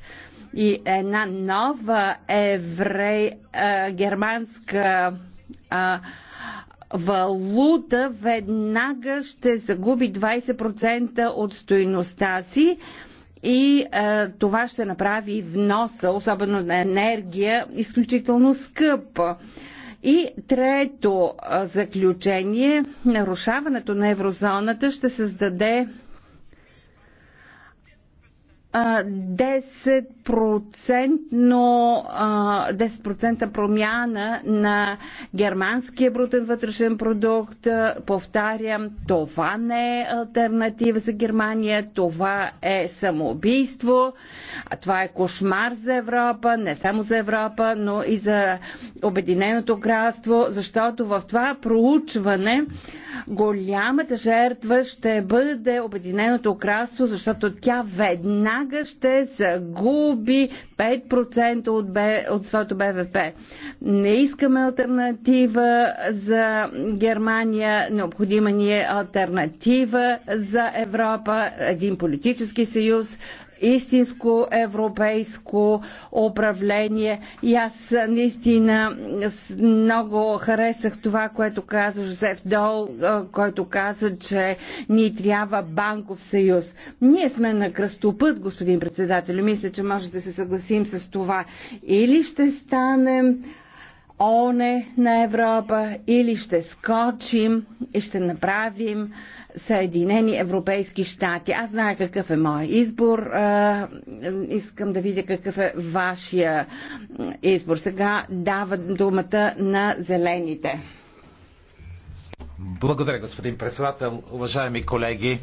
и една нова еврей, а, германска а, валута веднага ще загуби 20% от стоиността си и а, това ще направи вноса, особено на енергия, изключително скъп. И трето заключение, нарушаването на еврозоната ще създаде 10%, промяна на германския брутен вътрешен продукт. Повтарям, това не е альтернатива за Германия, това е самоубийство, това е кошмар за Европа, не само за Европа, но и за Обединеното кралство, защото в това проучване голямата жертва ще бъде Обединеното кралство, защото тя веднага веднага ще загуби 5% от, Б, от своето БВП. Не искаме альтернатива за Германия, необходима ни е альтернатива за Европа, един политически съюз, истинско европейско управление. И аз наистина много харесах това, което каза Жозеф Дол, който каза, че ни трябва банков съюз. Ние сме на кръстопът, господин председател. Мисля, че може да се съгласим с това. Или ще станем оне на Европа или ще скочим и ще направим Съединени Европейски щати. Аз знае какъв е мой избор. Искам да видя какъв е вашия избор. Сега дава думата на зелените. Благодаря, господин председател. Уважаеми колеги,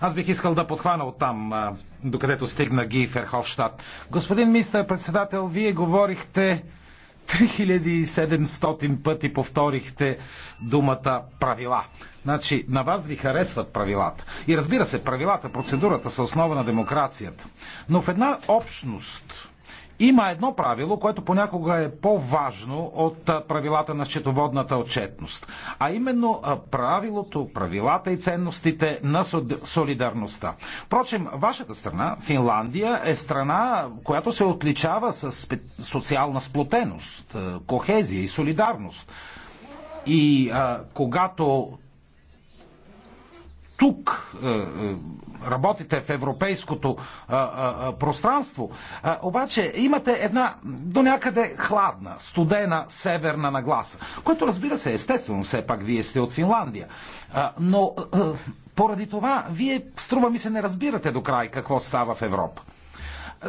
аз бих искал да подхвана от там, докъдето стигна Ги Ферховщад. Господин мистер председател, вие говорихте 3700 пъти повторихте думата правила. Значи, на вас ви харесват правилата. И разбира се, правилата, процедурата са основа на демокрацията. Но в една общност, има едно правило, което понякога е по-важно от правилата на счетоводната отчетност, а именно правилото, правилата и ценностите на солидарността. Впрочем, вашата страна, Финландия, е страна, която се отличава с социална сплотеност, кохезия и солидарност. И а, когато тук, е, е, работите в европейското е, пространство, обаче имате една до някъде хладна, студена северна нагласа, което разбира се естествено, все пак вие сте от Финландия, но поради това вие, струва ми се, не разбирате до край какво става в Европа.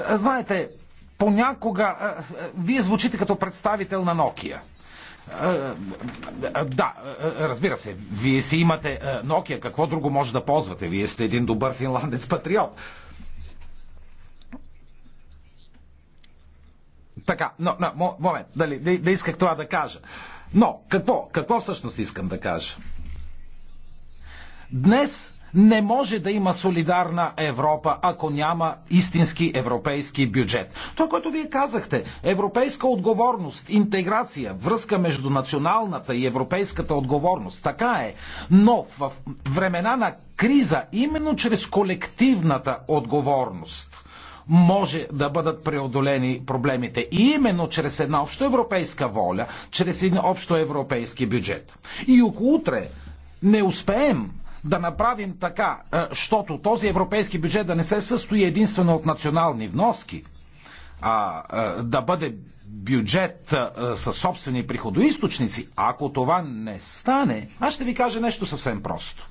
Знаете, понякога вие звучите като представител на Nokia – да, разбира се, вие си имате Nokia, какво друго може да ползвате? Вие сте един добър финландец патриот. Така, но, но момент, дали, да, да исках това да кажа. Но, какво, какво всъщност искам да кажа? Днес не може да има солидарна Европа, ако няма истински европейски бюджет. Това, което вие казахте, европейска отговорност, интеграция, връзка между националната и европейската отговорност, така е. Но в времена на криза, именно чрез колективната отговорност, може да бъдат преодолени проблемите. И именно чрез една европейска воля, чрез един общо европейски бюджет. И ако утре не успеем да направим така, защото е, този европейски бюджет да не се състои единствено от национални вноски, а е, да бъде бюджет е, със собствени приходоисточници, ако това не стане, аз ще ви кажа нещо съвсем просто.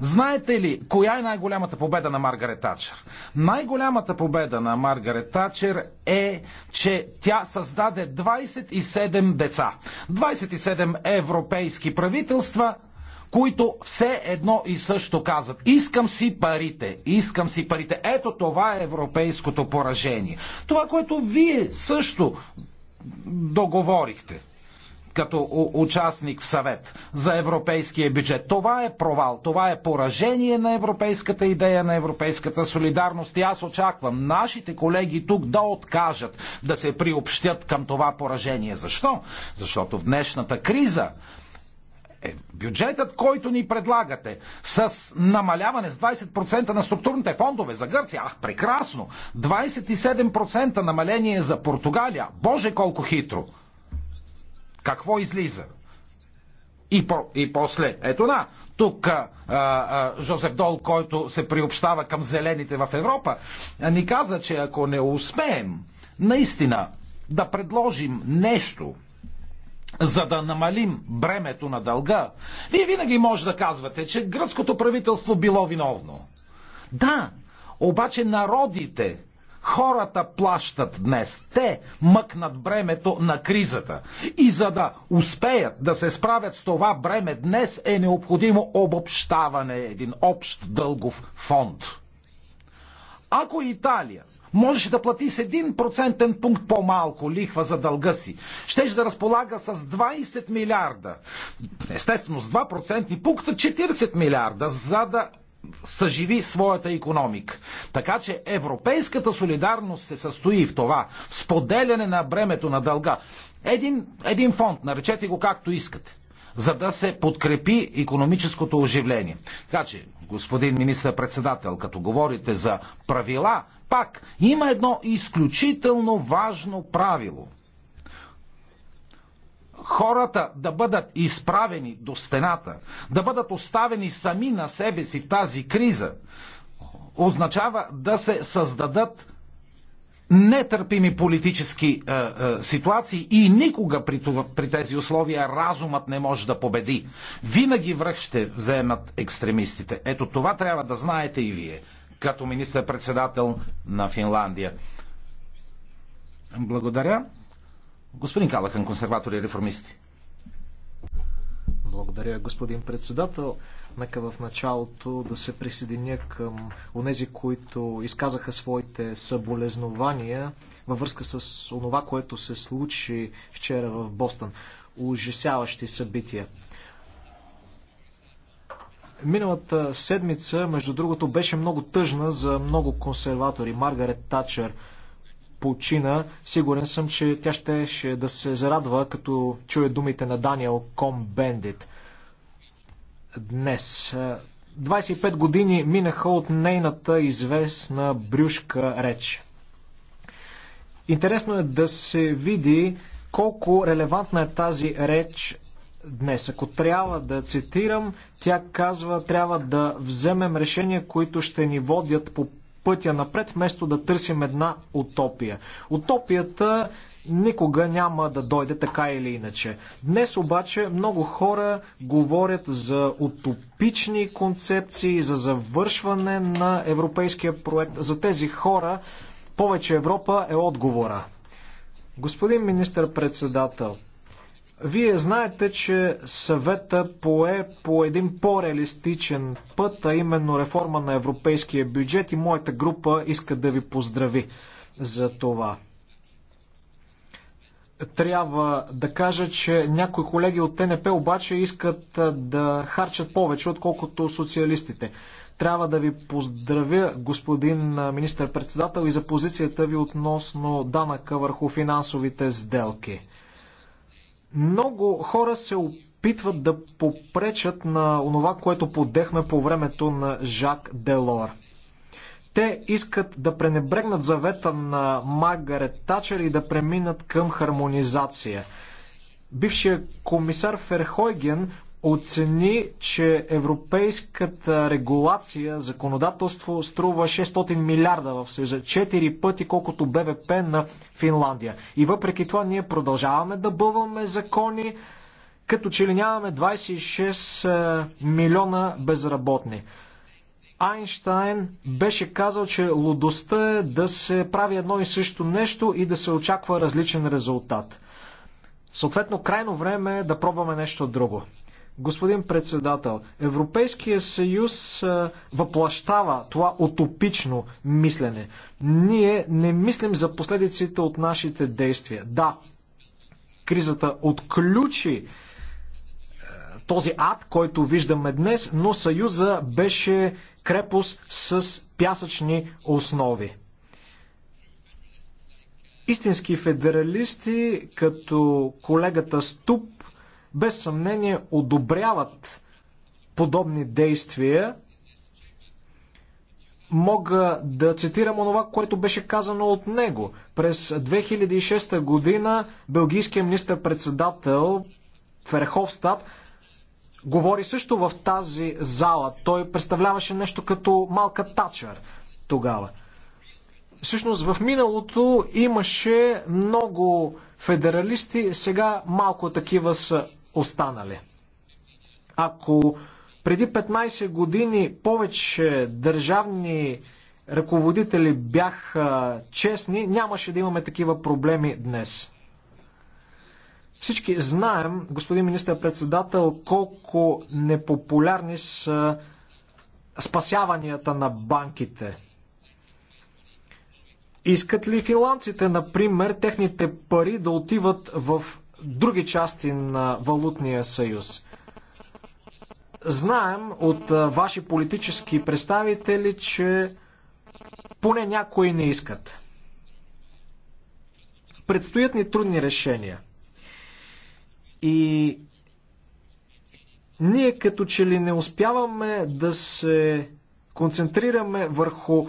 Знаете ли, коя е най-голямата победа на Маргарет Тачер? Най-голямата победа на Маргарет Тачер е, че тя създаде 27 деца. 27 европейски правителства – които все едно и също казват искам си парите, искам си парите. Ето това е европейското поражение. Това, което вие също договорихте като участник в съвет за европейския бюджет. Това е провал, това е поражение на европейската идея, на европейската солидарност и аз очаквам нашите колеги тук да откажат да се приобщят към това поражение. Защо? Защото в днешната криза е, бюджетът, който ни предлагате с намаляване с 20% на структурните фондове за Гърция, ах, прекрасно! 27% намаление за Португалия, боже колко хитро! Какво излиза? И, по, и после, ето на, тук а, а, Жозеф Дол, който се приобщава към зелените в Европа, ни каза, че ако не успеем наистина да предложим нещо, за да намалим бремето на дълга, вие винаги може да казвате, че гръцкото правителство било виновно. Да, обаче народите, хората плащат днес. Те мъкнат бремето на кризата. И за да успеят да се справят с това бреме днес е необходимо обобщаване, един общ дългов фонд. Ако Италия можеше да плати с 1 процентен пункт по-малко лихва за дълга си. Щеше да разполага с 20 милиарда. Естествено, с 2 процентни пункта 40 милиарда, за да съживи своята економика. Така че европейската солидарност се състои в това, в споделяне на бремето на дълга. Един, един фонд, наречете го както искате за да се подкрепи економическото оживление. Така че, господин министър-председател, като говорите за правила пак има едно изключително важно правило. Хората да бъдат изправени до стената, да бъдат оставени сами на себе си в тази криза, означава да се създадат нетърпими политически е, е, ситуации и никога при, това, при тези условия разумът не може да победи. Винаги връх ще вземат екстремистите. Ето това трябва да знаете и вие като министър-председател на Финландия. Благодаря. Господин Калахан, консерватори и реформисти. Благодаря, господин председател. Нека в началото да се присъединя към онези, които изказаха своите съболезнования във връзка с онова, което се случи вчера в Бостън. Ужасяващи събития. Миналата седмица, между другото, беше много тъжна за много консерватори. Маргарет Тачер почина. Сигурен съм, че тя ще, ще да се зарадва, като чуе думите на Даниел Ком Бендит днес. 25 години минаха от нейната известна брюшка реч. Интересно е да се види колко релевантна е тази реч днес. Ако трябва да цитирам, тя казва, трябва да вземем решения, които ще ни водят по пътя напред, вместо да търсим една утопия. Утопията никога няма да дойде така или иначе. Днес обаче много хора говорят за утопични концепции, за завършване на европейския проект. За тези хора повече Европа е отговора. Господин министър-председател, вие знаете, че съвета пое по един по-реалистичен път, а именно реформа на европейския бюджет и моята група иска да ви поздрави за това. Трябва да кажа, че някои колеги от ТНП обаче искат да харчат повече, отколкото социалистите. Трябва да ви поздравя, господин министър-председател, и за позицията ви относно данъка върху финансовите сделки – много хора се опитват да попречат на онова, което подехме по времето на Жак Делор. Те искат да пренебрегнат завета на Маргарет Тачер и да преминат към хармонизация. Бившият комисар Ферхойген оцени, че европейската регулация, законодателство струва 600 милиарда в Съюза, 4 пъти колкото БВП на Финландия. И въпреки това ние продължаваме да бъваме закони, като че ли нямаме 26 е, милиона безработни. Айнштайн беше казал, че лудостта е да се прави едно и също нещо и да се очаква различен резултат. Съответно, крайно време е да пробваме нещо друго. Господин председател, Европейския съюз въплащава това утопично мислене. Ние не мислим за последиците от нашите действия. Да, кризата отключи този ад, който виждаме днес, но Съюза беше крепост с пясъчни основи. Истински федералисти, като колегата Ступ, без съмнение одобряват подобни действия. Мога да цитирам онова, което беше казано от него. През 2006 година белгийският министр-председател Ферховстат говори също в тази зала. Той представляваше нещо като малка тачър тогава. Всъщност в миналото имаше много федералисти, сега малко такива са останали. Ако преди 15 години повече държавни ръководители бяха честни, нямаше да имаме такива проблеми днес. Всички знаем, господин министър-председател, колко непопулярни са спасяванията на банките. Искат ли филанците, например, техните пари да отиват в други части на валутния съюз. Знаем от ваши политически представители, че поне някои не искат. Предстоят ни трудни решения. И ние като че ли не успяваме да се концентрираме върху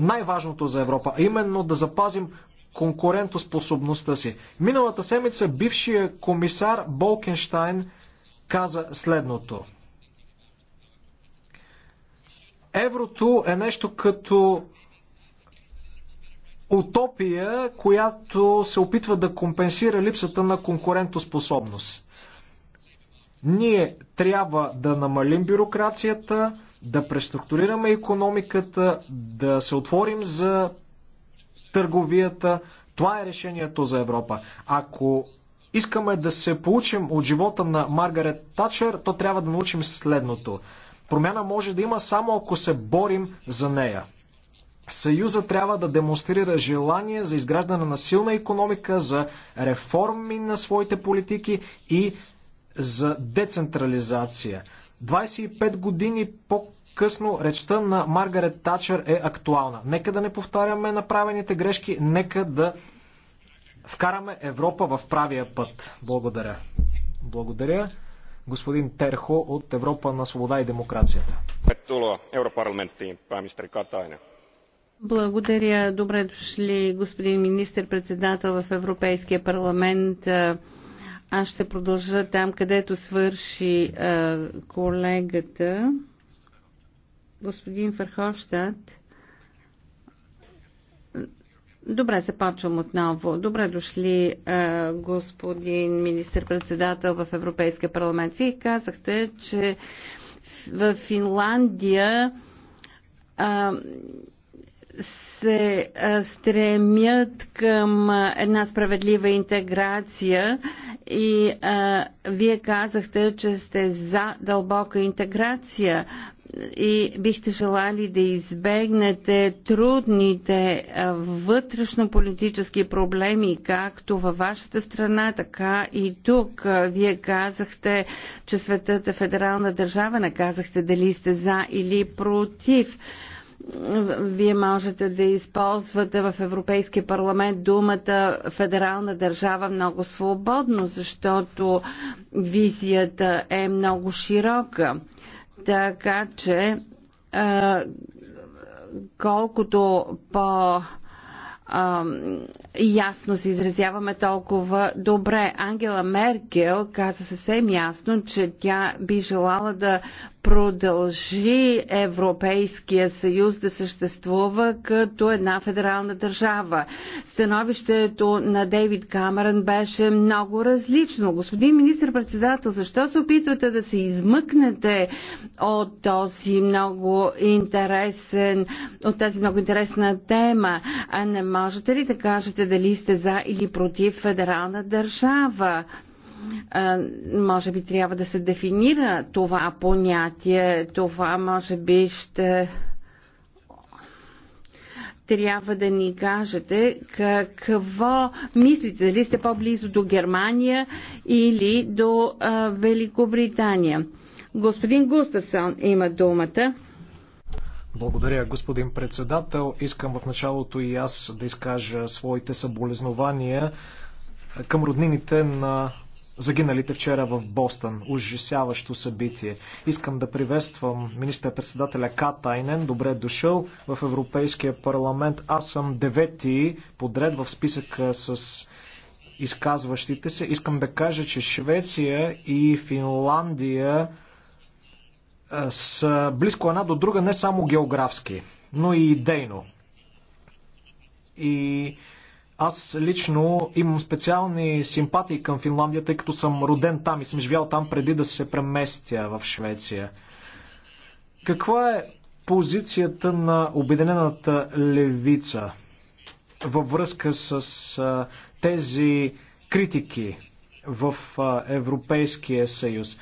най-важното за Европа, а именно да запазим конкурентоспособността си. Миналата седмица бившия комисар Болкенштайн каза следното. Еврото е нещо като утопия, която се опитва да компенсира липсата на конкурентоспособност. Ние трябва да намалим бюрокрацията, да преструктурираме економиката, да се отворим за търговията. Това е решението за Европа. Ако искаме да се получим от живота на Маргарет Тачер, то трябва да научим следното. Промяна може да има само ако се борим за нея. Съюза трябва да демонстрира желание за изграждане на силна економика, за реформи на своите политики и за децентрализация. 25 години по късно, речта на Маргарет Тачър е актуална. Нека да не повтаряме направените грешки, нека да вкараме Европа в правия път. Благодаря. Благодаря. Господин Терхо от Европа на свобода и демокрацията. Благодаря. Добре дошли, господин министр-председател в Европейския парламент. Аз ще продължа там, където свърши колегата господин Ферховщад. Добре, започвам отново. Добре дошли, е, господин министр-председател в Европейския парламент. Вие казахте, че в Финландия е, се е, стремят към една справедлива интеграция и а, вие казахте, че сте за дълбока интеграция и бихте желали да избегнете трудните вътрешно-политически проблеми, както във вашата страна, така и тук. Вие казахте, че светът е федерална държава, не казахте дали сте за или против вие можете да използвате в Европейския парламент думата федерална държава много свободно, защото визията е много широка. Така че колкото по ясно се изразяваме толкова добре. Ангела Меркел каза съвсем ясно, че тя би желала да продължи Европейския съюз да съществува като една федерална държава. Становището на Дейвид Камерън беше много различно. Господин министр-председател, защо се опитвате да се измъкнете от този много интересен, от тази много интересна тема? А не можете ли да кажете дали сте за или против федерална държава? може би трябва да се дефинира това понятие. Това може би ще трябва да ни кажете какво мислите, дали сте по-близо до Германия или до а, Великобритания. Господин Густавсон има думата. Благодаря, господин председател. Искам в началото и аз да изкажа своите съболезнования към роднините на загиналите вчера в Бостън. Ужасяващо събитие. Искам да приветствам министър-председателя Катайнен. Добре е дошъл в Европейския парламент. Аз съм девети подред в списъка с изказващите се. Искам да кажа, че Швеция и Финландия са близко една до друга не само географски, но и идейно. И аз лично имам специални симпатии към Финландия, тъй като съм роден там и съм живял там преди да се преместя в Швеция. Каква е позицията на Обединената левица във връзка с тези критики в Европейския съюз?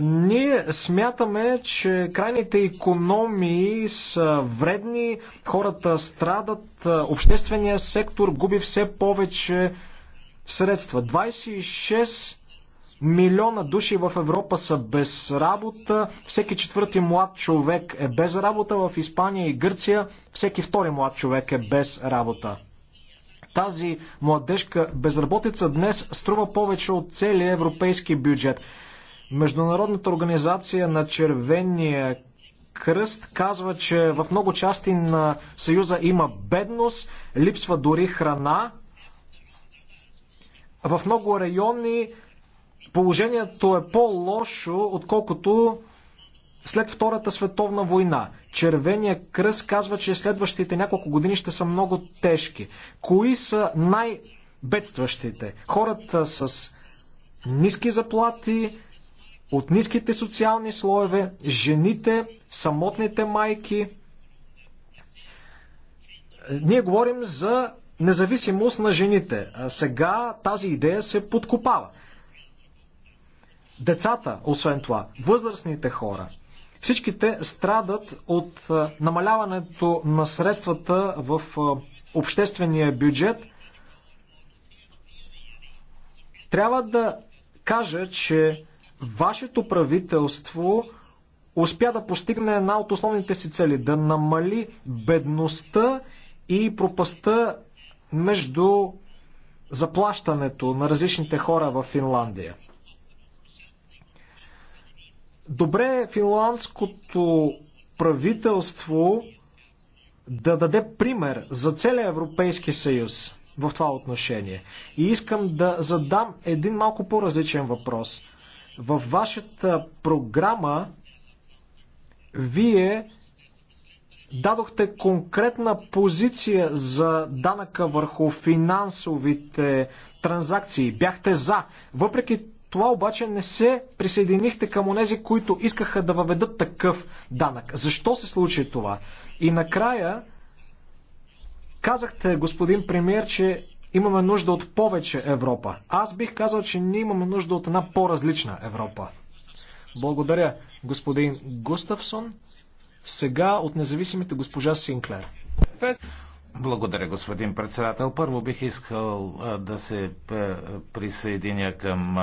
Ние смятаме, че крайните економии са вредни, хората страдат, обществения сектор губи все повече средства. 26 милиона души в Европа са без работа, всеки четвърти млад човек е без работа, в Испания и Гърция всеки втори млад човек е без работа. Тази младежка безработица днес струва повече от целия европейски бюджет. Международната организация на Червения кръст казва, че в много части на Съюза има бедност, липсва дори храна. В много райони положението е по-лошо, отколкото след Втората световна война. Червения кръст казва, че следващите няколко години ще са много тежки. Кои са най-бедстващите? Хората с ниски заплати, от ниските социални слоеве, жените, самотните майки. Ние говорим за независимост на жените. А сега тази идея се подкопава. Децата, освен това, възрастните хора, всичките страдат от намаляването на средствата в обществения бюджет. Трябва да кажа, че Вашето правителство успя да постигне една от основните си цели да намали бедността и пропаста между заплащането на различните хора в Финландия. Добре е финландското правителство да даде пример за целия Европейски съюз в това отношение. И искам да задам един малко по-различен въпрос. Във вашата програма вие дадохте конкретна позиция за данъка върху финансовите транзакции. Бяхте за. Въпреки това обаче не се присъединихте към онези, които искаха да въведат такъв данък. Защо се случи това? И накрая казахте, господин премьер, че Имаме нужда от повече Европа. Аз бих казал, че ние имаме нужда от една по-различна Европа. Благодаря, господин Густавсон. Сега от независимите госпожа Синклер. Благодаря, господин председател. Първо бих искал да се присъединя към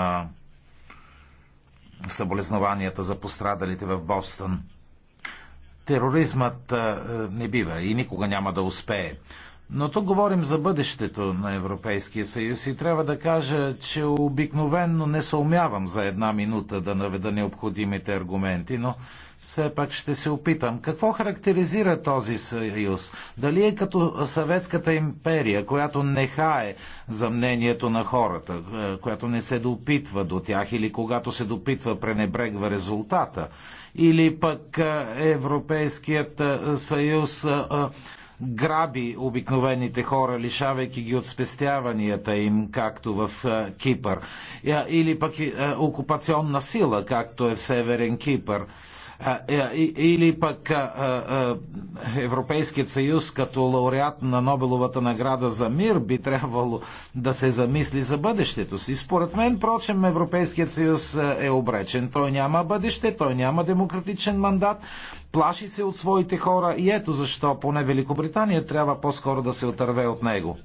съболезнованията за пострадалите в Бостън. Тероризмът не бива и никога няма да успее. Но тук говорим за бъдещето на Европейския съюз и трябва да кажа, че обикновенно не съумявам за една минута да наведа необходимите аргументи, но все пак ще се опитам. Какво характеризира този съюз? Дали е като съветската империя, която не хае за мнението на хората, е, която не се допитва до тях или когато се допитва пренебрегва резултата? Или пък е, Европейският е, съюз граби обикновените хора, лишавайки ги от спестяванията им, както в е, Кипър. Е, или пък е, окупационна сила, както е в Северен Кипър. Е, или пък Европейският съюз като лауреат на Нобеловата награда за мир би трябвало да се замисли за бъдещето си. Според мен, прочем, Европейският съюз е обречен. Той няма бъдеще, той няма демократичен мандат, плаши се от своите хора и ето защо поне Великобритания трябва по-скоро да се отърве от него.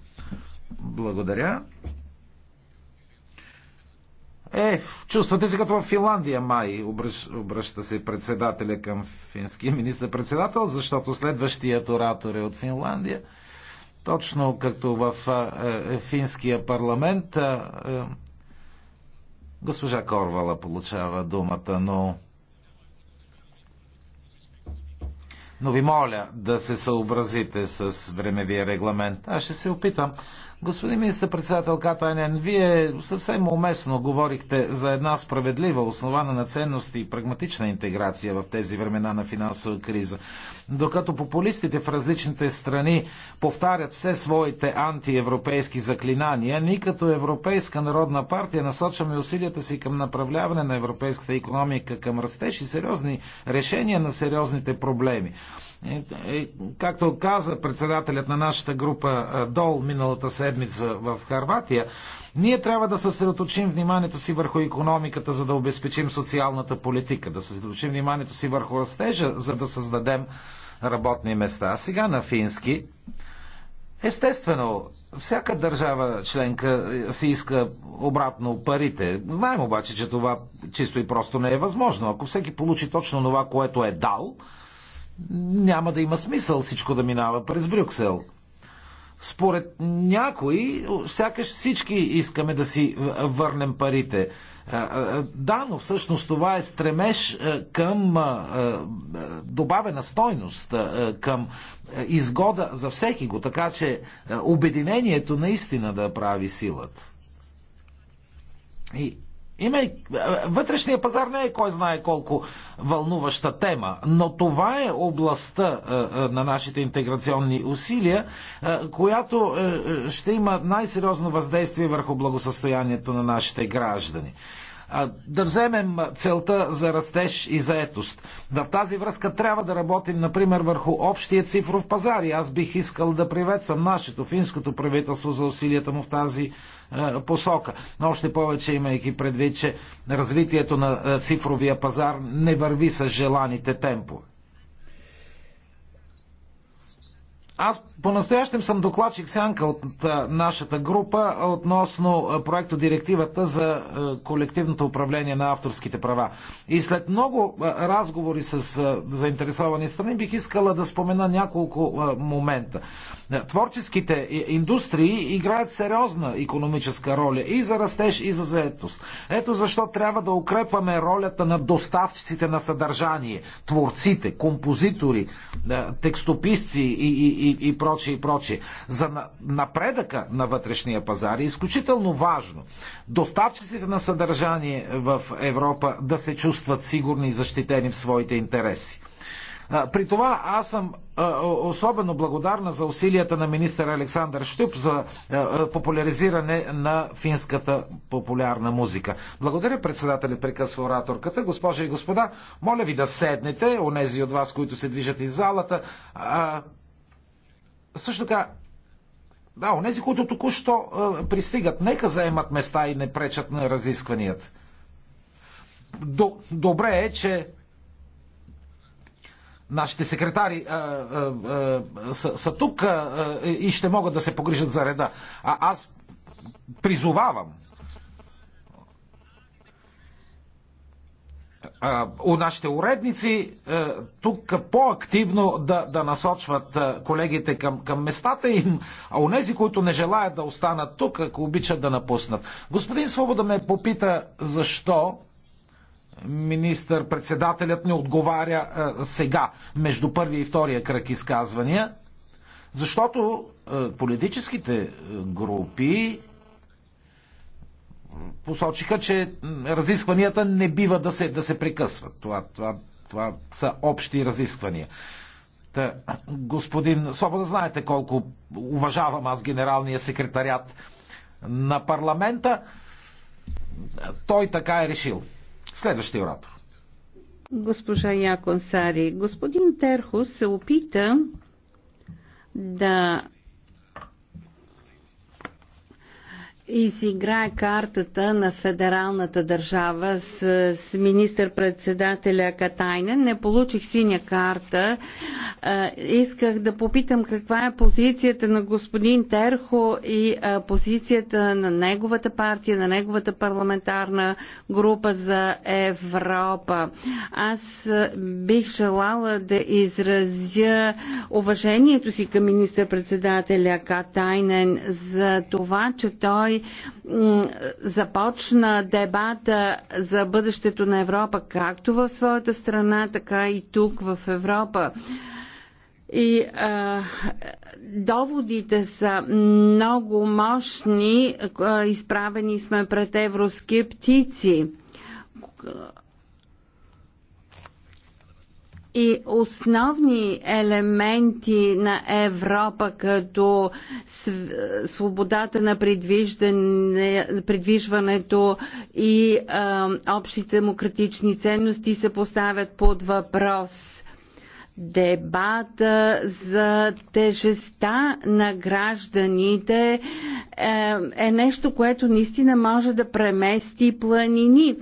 Благодаря. Е, чувствате се като в Финландия, май, обръща се председателя към финския министър председател защото следващият оратор е от Финландия. Точно като в е, е, финския парламент, е, госпожа Корвала получава думата, но... Но ви моля да се съобразите с времевия регламент. Аз ще се опитам. Господин министър председател Катайнен, вие съвсем уместно говорихте за една справедлива, основана на ценности и прагматична интеграция в тези времена на финансова криза. Докато популистите в различните страни повтарят все своите антиевропейски заклинания, ние като Европейска народна партия насочваме усилията си към направляване на европейската економика към растеж и сериозни решения на сериозните проблеми. Е, е, както каза председателят на нашата група е, Дол миналата седмица в Харватия, ние трябва да съсредоточим вниманието си върху економиката, за да обезпечим социалната политика, да съсредоточим вниманието си върху растежа, за да създадем работни места. А сега на фински. Естествено, всяка държава членка си иска обратно парите. Знаем обаче, че това чисто и просто не е възможно. Ако всеки получи точно това, което е дал, няма да има смисъл всичко да минава през Брюксел. Според някои, сякаш всички искаме да си върнем парите. Да, но всъщност това е стремеж към добавена стойност, към изгода за всеки го, така че обединението наистина да прави силата. И Имай, е, вътрешния пазар не е кой знае колко вълнуваща тема, но това е областта е, е, на нашите интеграционни усилия, която ще има най-сериозно въздействие върху благосъстоянието на нашите граждани. Да вземем целта за растеж и заетост. Да в тази връзка трябва да работим, например, върху общия цифров пазар. И аз бих искал да приветствам нашето финското правителство за усилията му в тази е, посока. Но още повече имайки предвид, че развитието на е, цифровия пазар не върви с желаните темпове. Аз по-настоящем съм докладчик сянка от нашата група относно проекто директивата за колективното управление на авторските права. И след много разговори с заинтересовани страни бих искала да спомена няколко момента. Творческите индустрии играят сериозна економическа роля и за растеж, и за заедност. Ето защо трябва да укрепваме ролята на доставчиците на съдържание, творците, композитори, текстописци и, и, и, и прочее и прочее. За напредъка на вътрешния пазар е изключително важно доставчиците на съдържание в Европа да се чувстват сигурни и защитени в своите интереси. При това аз съм особено благодарна за усилията на министър Александър Штюп за популяризиране на финската популярна музика. Благодаря председателят прекъсва ораторката. Госпожи и господа, моля ви да седнете, онези от вас, които се движат из залата. Също така, да, онези, които току-що пристигат, нека заемат места и не пречат на разискванията. Добре е, че нашите секретари а, а, а, са, са тук а, и ще могат да се погрижат за реда. А аз призовавам у нашите уредници е, тук по-активно да, да насочват е, колегите към, към местата им, а у нези, които не желаят да останат тук, ако обичат да напуснат. Господин Свобода ме попита защо министър-председателят не отговаря е, сега, между първия и втория кръг изказвания, защото политическите групи посочиха, че разискванията не бива да се, да се прекъсват. Това, това, това са общи разисквания. Та, господин Свобода, знаете колко уважавам аз генералния секретарят на парламента. Той така е решил. Следващия оратор. Госпожа Яконсари, господин Терхус се опита да играе картата на федералната държава с, с министър-председателя Катайнен. Не получих синя карта. исках да попитам каква е позицията на господин Терхо и позицията на неговата партия, на неговата парламентарна група за Европа. Аз бих желала да изразя уважението си към министър-председателя Катайнен за това, че той започна дебата за бъдещето на Европа, както в своята страна, така и тук в Европа. И а, доводите са много мощни, изправени сме пред евроскептици и основни елементи на Европа, като свободата на придвижването и а, общите демократични ценности се поставят под въпрос дебата за тежеста на гражданите е, е нещо, което наистина може да премести планини.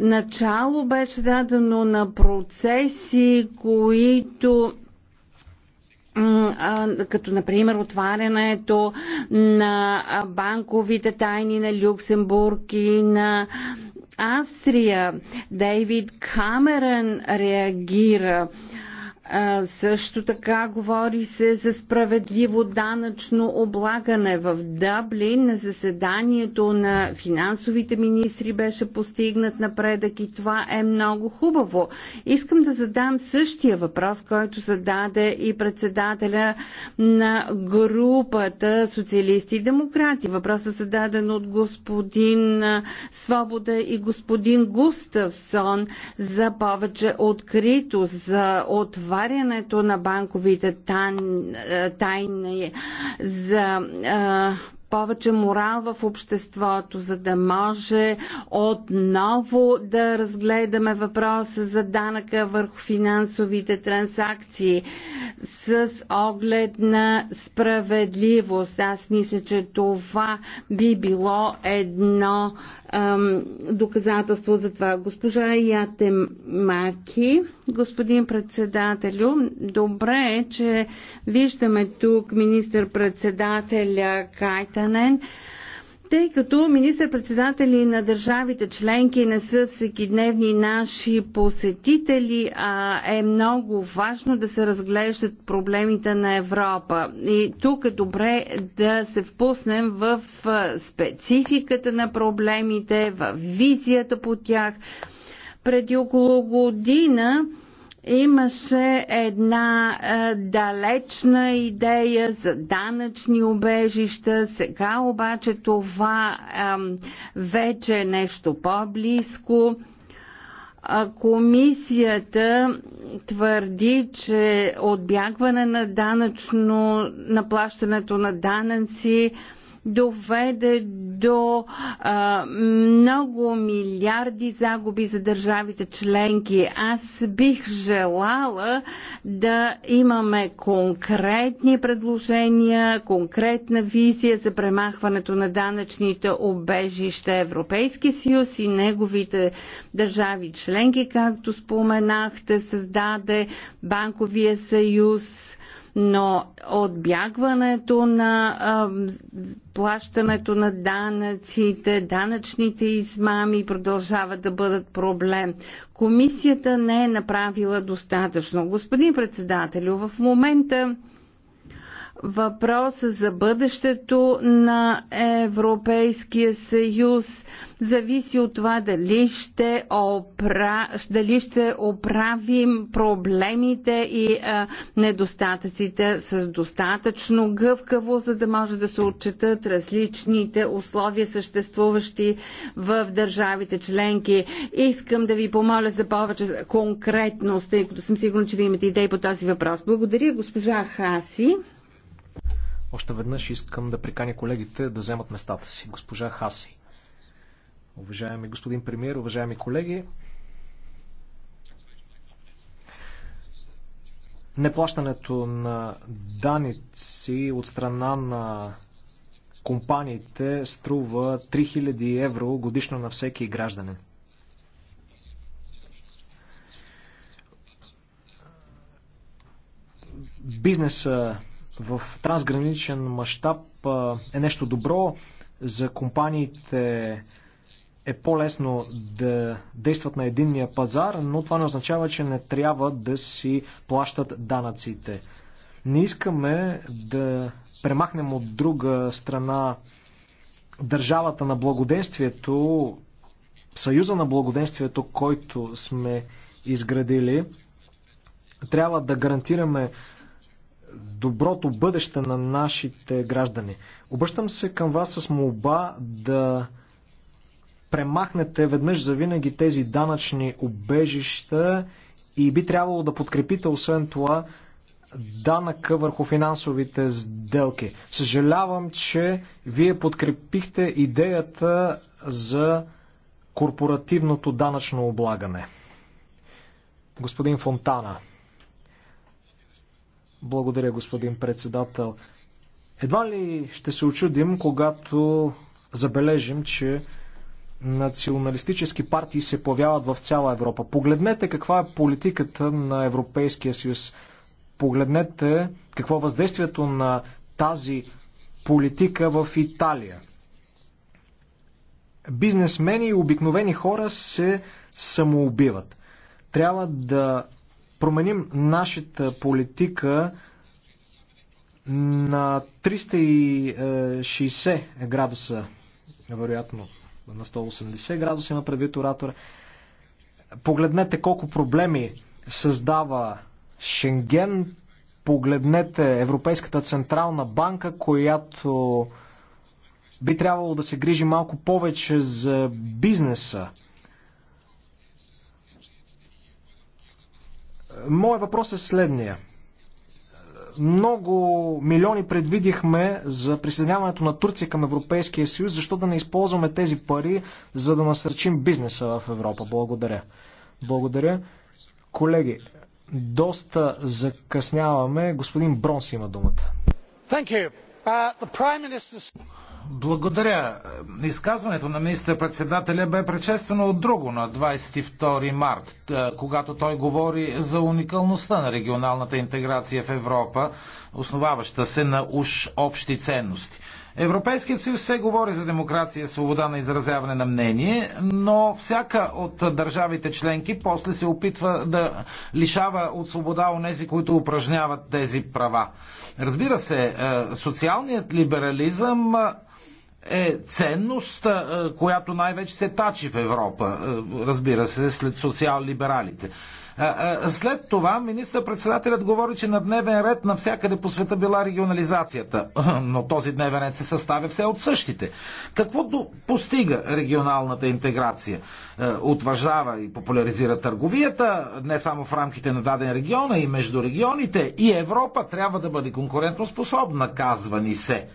Начало беше дадено на процеси, които като например отварянето на банковите тайни на Люксембург и на Австрия. Дейвид Камерън реагира. А, също така говори се за справедливо данъчно облагане в Дъблин. На заседанието на финансовите министри беше постигнат напредък и това е много хубаво. Искам да задам същия въпрос, който зададе и председателя на групата Социалисти и Демократи. Въпросът е зададен от господин Свобода и господин Густавсон за повече открито, за отваряне отварянето на банковите е, тайни, за е, повече морал в обществото, за да може отново да разгледаме въпроса за данъка върху финансовите транзакции с оглед на справедливост. Аз мисля, че това би било едно ам, доказателство за това. Госпожа Ятем Маки, господин председателю, добре е, че виждаме тук министър-председателя Кайтанен. Тъй като министър-председатели на държавите членки не са всекидневни наши посетители, а е много важно да се разглеждат проблемите на Европа. И тук е добре да се впуснем в спецификата на проблемите, в визията по тях. Преди около година Имаше една а, е, далечна идея за данъчни обежища, сега обаче това а, вече е нещо по-близко. Комисията твърди, че отбягване на данъчно, на плащането на данъци, а, доведе до а, много милиарди загуби за държавите членки. Аз бих желала да имаме конкретни предложения, конкретна визия за премахването на данъчните обежища Европейски съюз и неговите държави членки, както споменахте, създаде банковия съюз но отбягването на а, плащането на данъците, данъчните измами продължават да бъдат проблем. Комисията не е направила достатъчно. Господин председателю, в момента въпроса за бъдещето на Европейския съюз зависи от това дали ще, опра... дали ще оправим проблемите и а, недостатъците с достатъчно гъвкаво, за да може да се отчетат различните условия, съществуващи в държавите членки. Искам да ви помоля за повече конкретност, тъй като съм сигурна, че ви имате идеи по този въпрос. Благодаря, госпожа Хаси. Още веднъж искам да приканя колегите да вземат местата си. Госпожа Хаси. Уважаеми господин премьер, уважаеми колеги, неплащането на даници от страна на компаниите струва 3000 евро годишно на всеки гражданин. Бизнеса в трансграничен мащаб е нещо добро. За компаниите е по-лесно да действат на единния пазар, но това не означава, че не трябва да си плащат данъците. Не искаме да премахнем от друга страна държавата на благоденствието, съюза на благоденствието, който сме изградили. Трябва да гарантираме доброто бъдеще на нашите граждани. Обръщам се към вас с молба да премахнете веднъж за винаги тези данъчни обежища и би трябвало да подкрепите освен това данъка върху финансовите сделки. Съжалявам, че вие подкрепихте идеята за корпоративното данъчно облагане. Господин Фонтана. Благодаря, господин председател. Едва ли ще се очудим, когато забележим, че националистически партии се появяват в цяла Европа. Погледнете каква е политиката на Европейския съюз. Погледнете какво е въздействието на тази политика в Италия. Бизнесмени и обикновени хора се самоубиват. Трябва да променим нашата политика на 360 градуса, вероятно на 180 градуса има предвид оратора. Погледнете колко проблеми създава Шенген, погледнете Европейската централна банка, която би трябвало да се грижи малко повече за бизнеса. Моят въпрос е следния. Много милиони предвидихме за присъединяването на Турция към Европейския съюз. Защо да не използваме тези пари, за да насърчим бизнеса в Европа? Благодаря. Благодаря. Колеги, доста закъсняваме. Господин Бронс има думата. Uh, благодаря. Изказването на министър-председателя бе предшествено от друго на 22 март, когато той говори за уникалността на регионалната интеграция в Европа, основаваща се на уж общи ценности. Европейският съюз все говори за демокрация и свобода на изразяване на мнение, но всяка от държавите членки после се опитва да лишава от свобода нези, които упражняват тези права. Разбира се, е, социалният либерализъм е, е ценност, която най-вече се тачи в Европа, разбира се, след социал-либералите. След това министър-председателят говори, че на дневен ред навсякъде по света била регионализацията, но този дневен ред се съставя все от същите. Какво постига регионалната интеграция? отважава и популяризира търговията, не само в рамките на даден регион, а и между регионите. И Европа трябва да бъде конкурентоспособна, казва ни се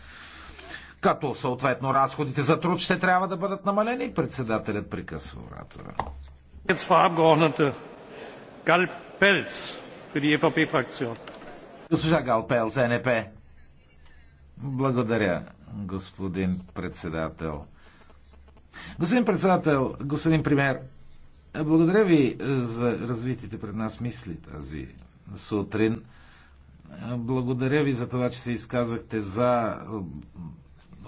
като съответно разходите за труд ще трябва да бъдат намалени. Председателят прекъсва оратора. E Госпожа Гал Пелц, НП. Благодаря, господин председател. Господин председател, господин премьер, благодаря ви за развитите пред нас мисли тази сутрин. Благодаря ви за това, че се изказахте за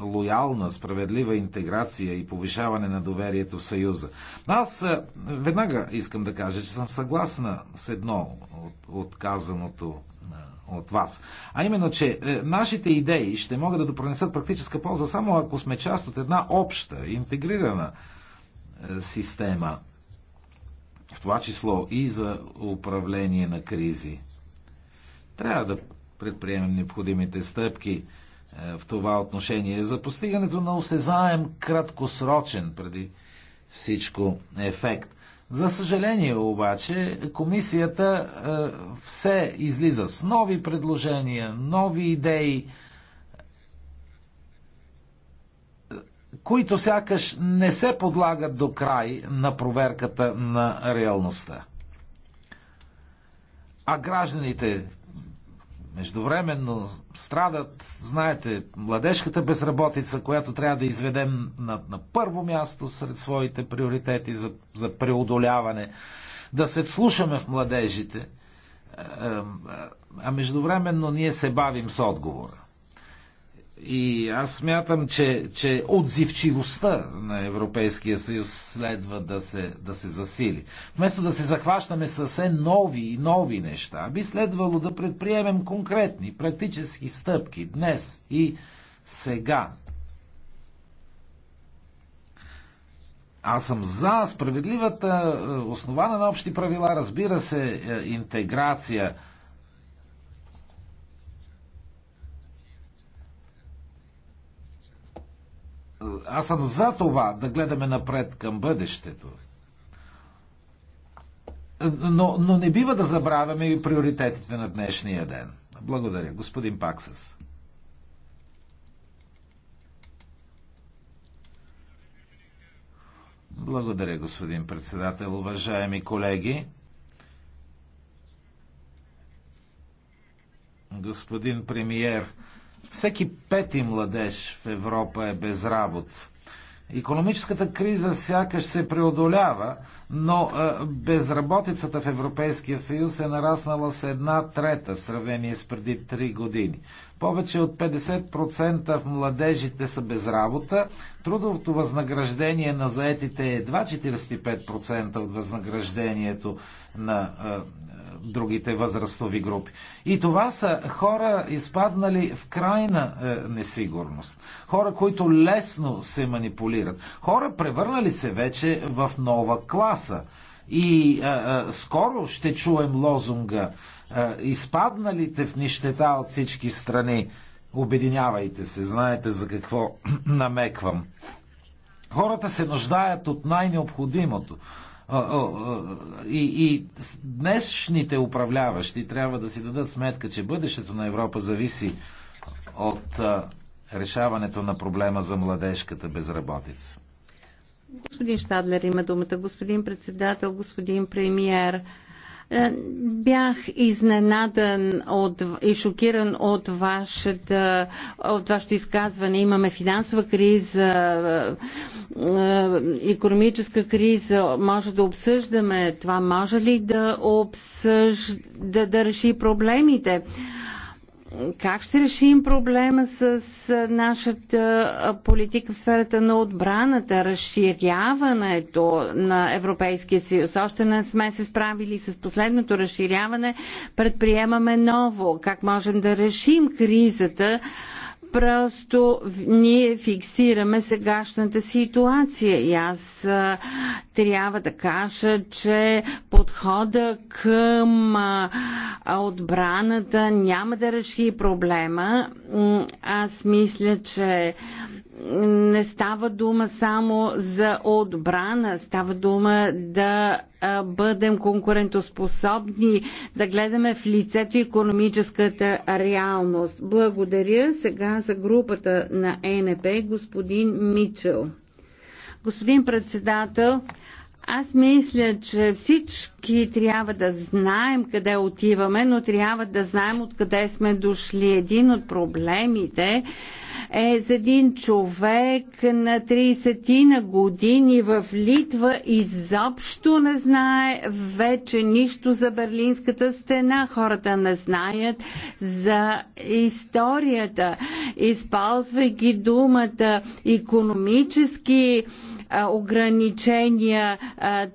лоялна, справедлива интеграция и повишаване на доверието в Съюза. Аз е, веднага искам да кажа, че съм съгласна с едно от, от казаното е, от вас. А именно, че е, нашите идеи ще могат да допронесат практическа полза само ако сме част от една обща, интегрирана е, система, в това число и за управление на кризи. Трябва да предприемем необходимите стъпки в това отношение. За постигането на осезаем краткосрочен преди всичко ефект. За съжаление обаче, комисията е, все излиза с нови предложения, нови идеи, е, които сякаш не се подлагат до край на проверката на реалността. А гражданите Междувременно страдат, знаете, младежката безработица, която трябва да изведем на, на първо място сред своите приоритети за, за преодоляване, да се вслушаме в младежите, е, е, е, а междувременно ние се бавим с отговора. И аз смятам, че, че отзивчивостта на Европейския съюз следва да се, да се засили. Вместо да се захващаме с все нови и нови неща, би следвало да предприемем конкретни, практически стъпки днес и сега. Аз съм за справедливата, е, основана на общи правила, разбира се, е, интеграция – аз съм за това да гледаме напред към бъдещето. Но, но не бива да забравяме и приоритетите на днешния ден. Благодаря, господин Паксас. Благодаря, господин председател. Уважаеми колеги, господин премиер, всеки пети младеж в Европа е без работа. Економическата криза сякаш се преодолява, но е, безработицата в Европейския съюз е нараснала с една трета в сравнение с преди 3 години. Повече от 50% в младежите са без работа, трудовото възнаграждение на заетите е едва 45% от възнаграждението на е, е, другите възрастови групи. И това са хора, изпаднали в крайна е, несигурност. Хора, които лесно се манипулират. Хора, превърнали се вече в нова класа маса. И а, а, скоро ще чуем лозунга а, Изпадналите в нищета от всички страни, обединявайте се, знаете за какво намеквам. Хората се нуждаят от най-необходимото. И, и днешните управляващи трябва да си дадат сметка, че бъдещето на Европа зависи от решаването на проблема за младежката безработица. Господин Штадлер има думата. Господин председател, господин премиер, е, Бях изненадан от, и шокиран от, вашата, от вашето изказване. Имаме финансова криза, економическа е, криза. Може да обсъждаме това. Може ли да обсъжда, да, да реши проблемите? как ще решим проблема с нашата политика в сферата на отбраната, разширяването на Европейския съюз? Още не сме се справили с последното разширяване, предприемаме ново. Как можем да решим кризата? Просто ние фиксираме сегашната ситуация и аз а, трябва да кажа, че подхода към а, отбраната няма да реши проблема. Аз мисля, че не става дума само за отбрана, става дума да бъдем конкурентоспособни, да гледаме в лицето економическата реалност. Благодаря сега за групата на ЕНП господин Мичел. Господин председател, аз мисля, че всички трябва да знаем къде отиваме, но трябва да знаем откъде сме дошли. Един от проблемите е за един човек на 30 на години в Литва изобщо не знае вече нищо за Берлинската стена. Хората не знаят за историята. Използвайки думата економически ограничения.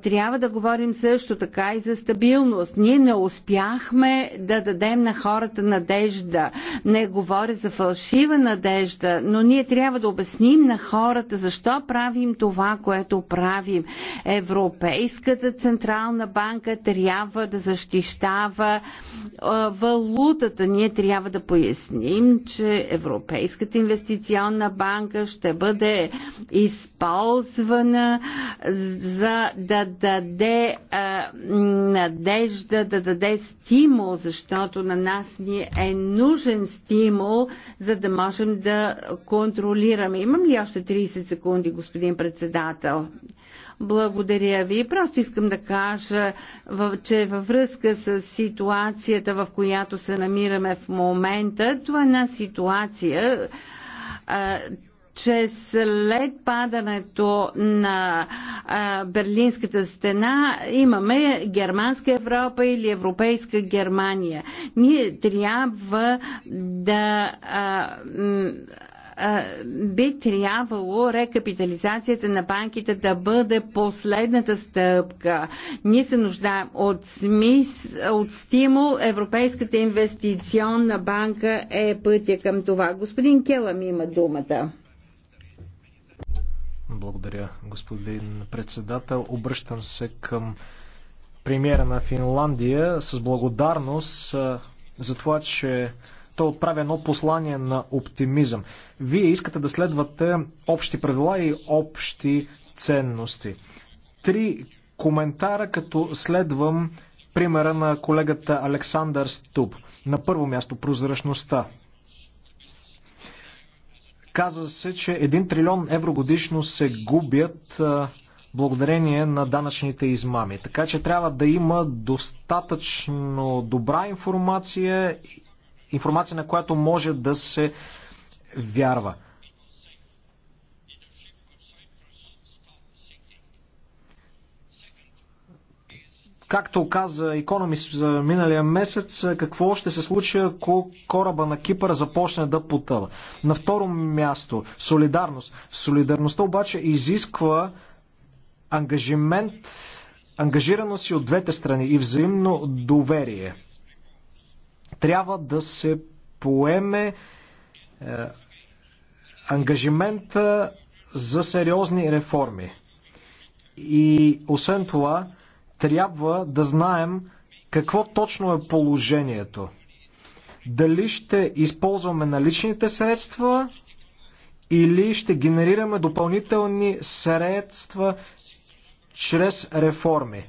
Трябва да говорим също така и за стабилност. Ние не успяхме да дадем на хората надежда. Не говоря за фалшива надежда, но ние трябва да обясним на хората защо правим това, което правим. Европейската централна банка трябва да защищава валутата. Ние трябва да поясним, че Европейската инвестиционна банка ще бъде използвана призвана за да даде а, надежда, да даде стимул, защото на нас ни е нужен стимул, за да можем да контролираме. Имам ли още 30 секунди, господин председател? Благодаря ви. Просто искам да кажа, че във връзка с ситуацията, в която се намираме в момента, това е една ситуация, че след падането на а, Берлинската стена имаме германска Европа или европейска Германия. Ние трябва да. А, би трябвало рекапитализацията на банките да бъде последната стъпка. Ние се нуждаем от, смис, от стимул. Европейската инвестиционна банка е пътя към това. Господин Келам има думата. Благодаря, господин председател. Обръщам се към премиера на Финландия с благодарност за това, че той отправя едно послание на оптимизъм. Вие искате да следвате общи правила и общи ценности. Три коментара, като следвам примера на колегата Александър Стуб. На първо място прозрачността. Каза се, че 1 трилион евро годишно се губят благодарение на данъчните измами. Така че трябва да има достатъчно добра информация, информация на която може да се вярва. Както каза Економист миналия месец, какво ще се случи, ако кораба на Кипър започне да потъва? На второ място, солидарност. Солидарността обаче изисква ангажимент, ангажираност и от двете страни и взаимно доверие. Трябва да се поеме е, ангажимента за сериозни реформи. И освен това, трябва да знаем какво точно е положението. Дали ще използваме наличните средства или ще генерираме допълнителни средства чрез реформи.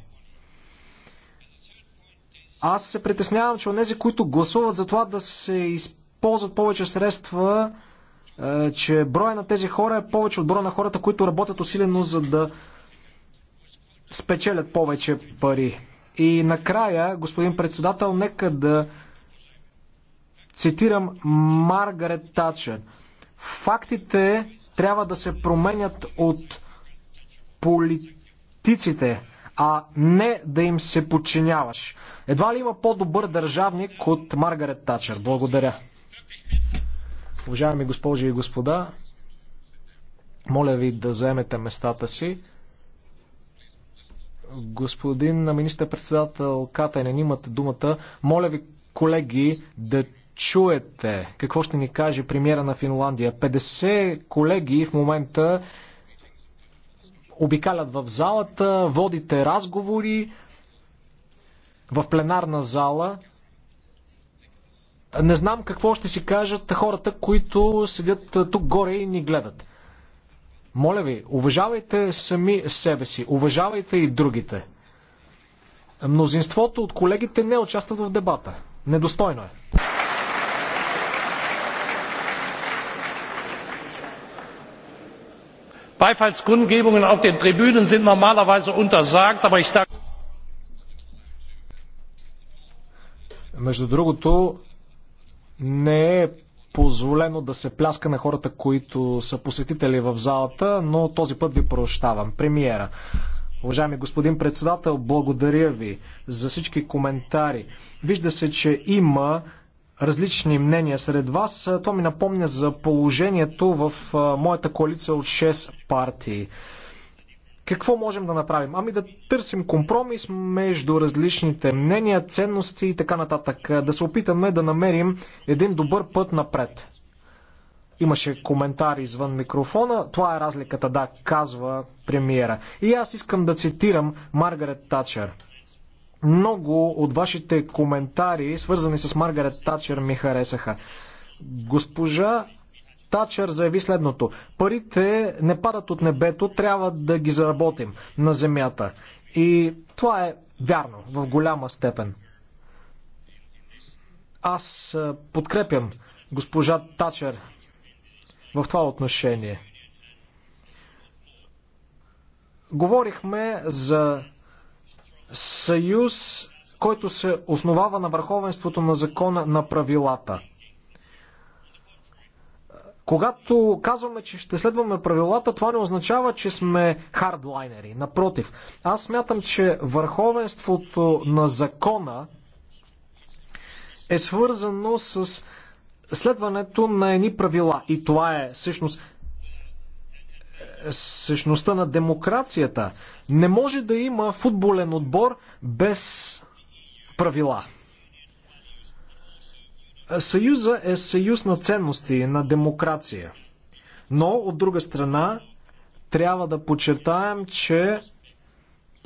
Аз се притеснявам, че онези, които гласуват за това да се използват повече средства, е, че броя на тези хора е повече от броя на хората, които работят усилено за да спечелят повече пари. И накрая, господин председател, нека да цитирам Маргарет Тачер. Фактите трябва да се променят от политиците, а не да им се подчиняваш. Едва ли има по-добър държавник от Маргарет Тачер? Благодаря. Уважаеми госпожи и господа, моля ви да заемете местата си. Господин министър-председател Катайнен, имате думата. Моля ви, колеги, да чуете какво ще ни каже премиера на Финландия. 50 колеги в момента обикалят в залата, водите разговори в пленарна зала. Не знам какво ще си кажат хората, които седят тук горе и ни гледат. Моля ви, уважавайте сами себе си, уважавайте и другите. Мнозинството от колегите не участват в дебата. Недостойно е. beifallskundgebungen auf den tribünen sind normalerweise untersagt aber ich darf Между другото, не е позволено да се пляска на хората, които са посетители в залата, но този път ви прощавам. Премиера. Уважаеми господин председател, благодаря ви за всички коментари. Вижда се, че има различни мнения сред вас. То ми напомня за положението в моята коалиция от 6 партии. Какво можем да направим? Ами да търсим компромис между различните мнения, ценности и така нататък. Да се опитаме да намерим един добър път напред. Имаше коментар извън микрофона. Това е разликата, да, казва премиера. И аз искам да цитирам Маргарет Тачер. Много от вашите коментари, свързани с Маргарет Тачер, ми харесаха. Госпожа Тачър заяви следното. Парите не падат от небето, трябва да ги заработим на земята. И това е вярно в голяма степен. Аз подкрепям госпожа Тачър в това отношение. Говорихме за съюз, който се основава на върховенството на закона на правилата – когато казваме, че ще следваме правилата, това не означава, че сме хардлайнери. Напротив, аз смятам, че върховенството на закона е свързано с следването на едни правила. И това е всъщност същността на демокрацията. Не може да има футболен отбор без правила. Съюза е съюз на ценности, на демокрация. Но, от друга страна, трябва да подчертаем, че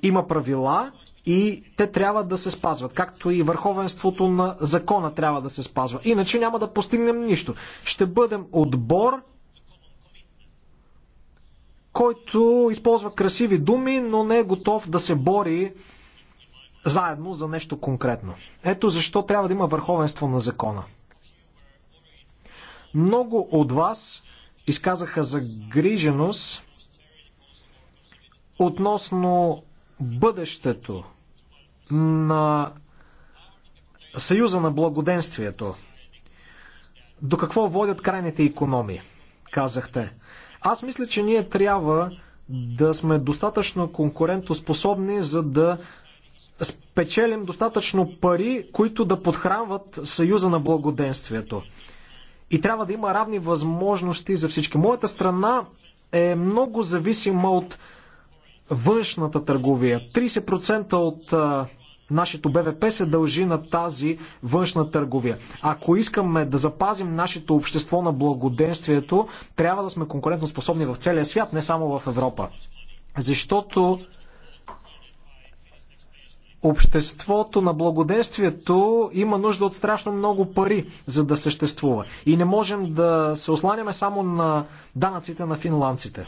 има правила и те трябва да се спазват, както и върховенството на закона трябва да се спазва. Иначе няма да постигнем нищо. Ще бъдем отбор, който използва красиви думи, но не е готов да се бори заедно за нещо конкретно. Ето защо трябва да има върховенство на закона. Много от вас изказаха загриженост относно бъдещето на Съюза на благоденствието. До какво водят крайните економи, казахте. Аз мисля, че ние трябва да сме достатъчно конкурентоспособни, за да спечелим достатъчно пари, които да подхранват Съюза на благоденствието и трябва да има равни възможности за всички. Моята страна е много зависима от външната търговия. 30% от нашето БВП се дължи на тази външна търговия. Ако искаме да запазим нашето общество на благоденствието, трябва да сме конкурентоспособни в целия свят, не само в Европа. Защото обществото на благодействието има нужда от страшно много пари, за да съществува. И не можем да се осланяме само на данъците на финландците.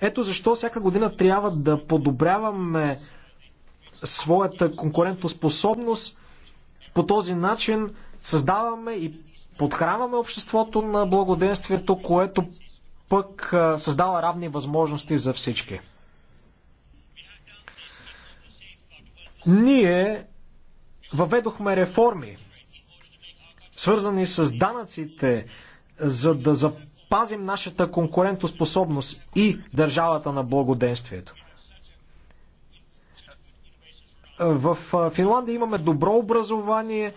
Ето защо всяка година трябва да подобряваме своята конкурентоспособност. По този начин създаваме и подхранваме обществото на благоденствието, което пък създава равни възможности за всички. Ние въведохме реформи, свързани с данъците, за да запазим нашата конкурентоспособност и държавата на благоденствието. В Финландия имаме добро образование,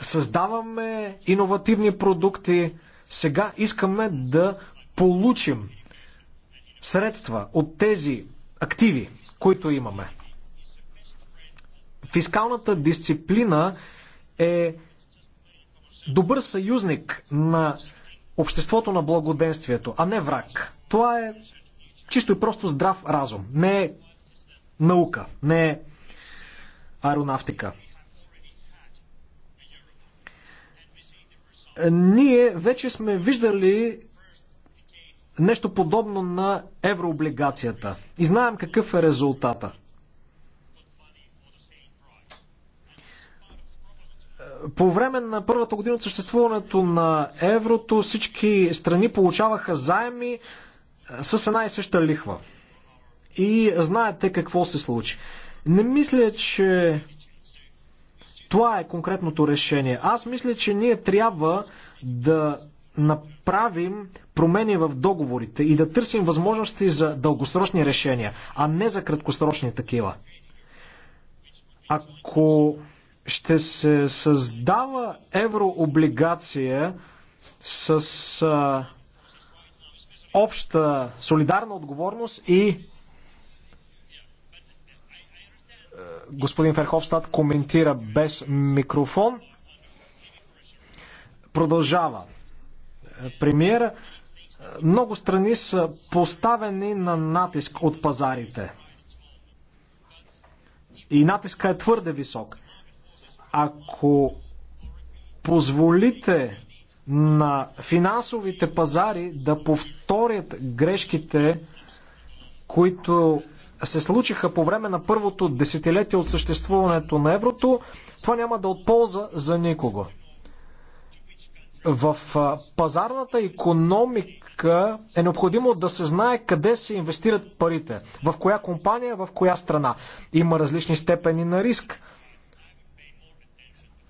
създаваме иновативни продукти. Сега искаме да получим средства от тези активи, които имаме. Фискалната дисциплина е добър съюзник на обществото на благоденствието, а не враг. Това е чисто и просто здрав разум. Не е наука, не е аеронавтика. Ние вече сме виждали нещо подобно на еврооблигацията и знаем какъв е резултата. По време на първата година от съществуването на еврото всички страни получаваха заеми е, с една и съща лихва. И знаете какво се случи. Не мисля, че това е конкретното решение. Аз мисля, че ние трябва да направим промени в договорите и да търсим възможности за дългосрочни решения, а не за краткосрочни такива. Ако ще се създава еврооблигация с а, обща солидарна отговорност и господин Ферховстат коментира без микрофон. Продължава. Премиера, много страни са поставени на натиск от пазарите. И натиска е твърде висок. Ако позволите на финансовите пазари да повторят грешките, които се случиха по време на първото десетилетие от съществуването на еврото, това няма да отполза за никого. В пазарната економика е необходимо да се знае къде се инвестират парите, в коя компания, в коя страна. Има различни степени на риск.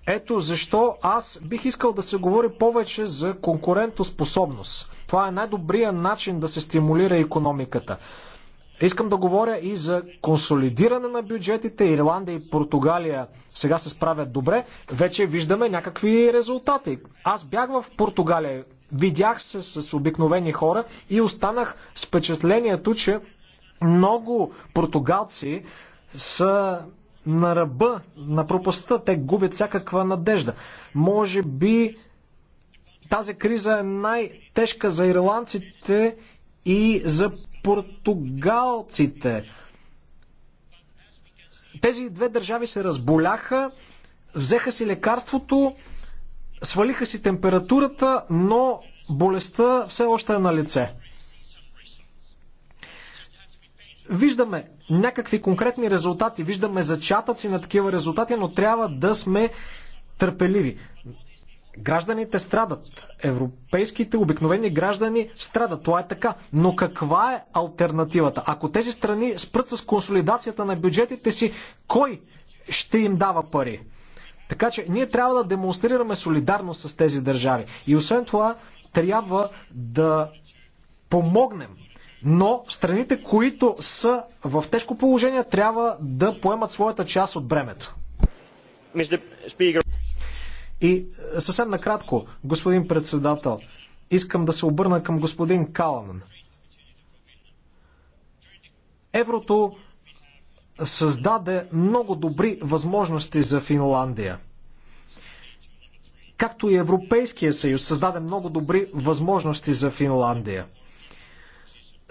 Ето защо аз бих искал да се говори повече за конкурентоспособност. Това е най-добрият начин да се стимулира економиката. Искам да говоря и за консолидиране на бюджетите. Ирландия и Португалия сега се справят добре. Вече виждаме някакви резултати. Аз бях в Португалия, видях се с обикновени хора и останах с впечатлението, че много португалци са на ръба, на пропаста. Те губят всякаква надежда. Може би тази криза е най-тежка за ирландците и за португалците. Тези две държави се разболяха, взеха си лекарството, свалиха си температурата, но болестта все още е на лице. виждаме някакви конкретни резултати, виждаме зачатъци на такива резултати, но трябва да сме търпеливи. Гражданите страдат. Европейските обикновени граждани страдат. Това е така. Но каква е альтернативата? Ако тези страни спрат с консолидацията на бюджетите си, кой ще им дава пари? Така че ние трябва да демонстрираме солидарност с тези държави. И освен това, трябва да помогнем но страните, които са в тежко положение, трябва да поемат своята част от бремето. И е, съвсем накратко, господин председател, искам да се обърна към господин Каланан. Еврото създаде много добри възможности за Финландия. Както и Европейския съюз създаде много добри възможности за Финландия.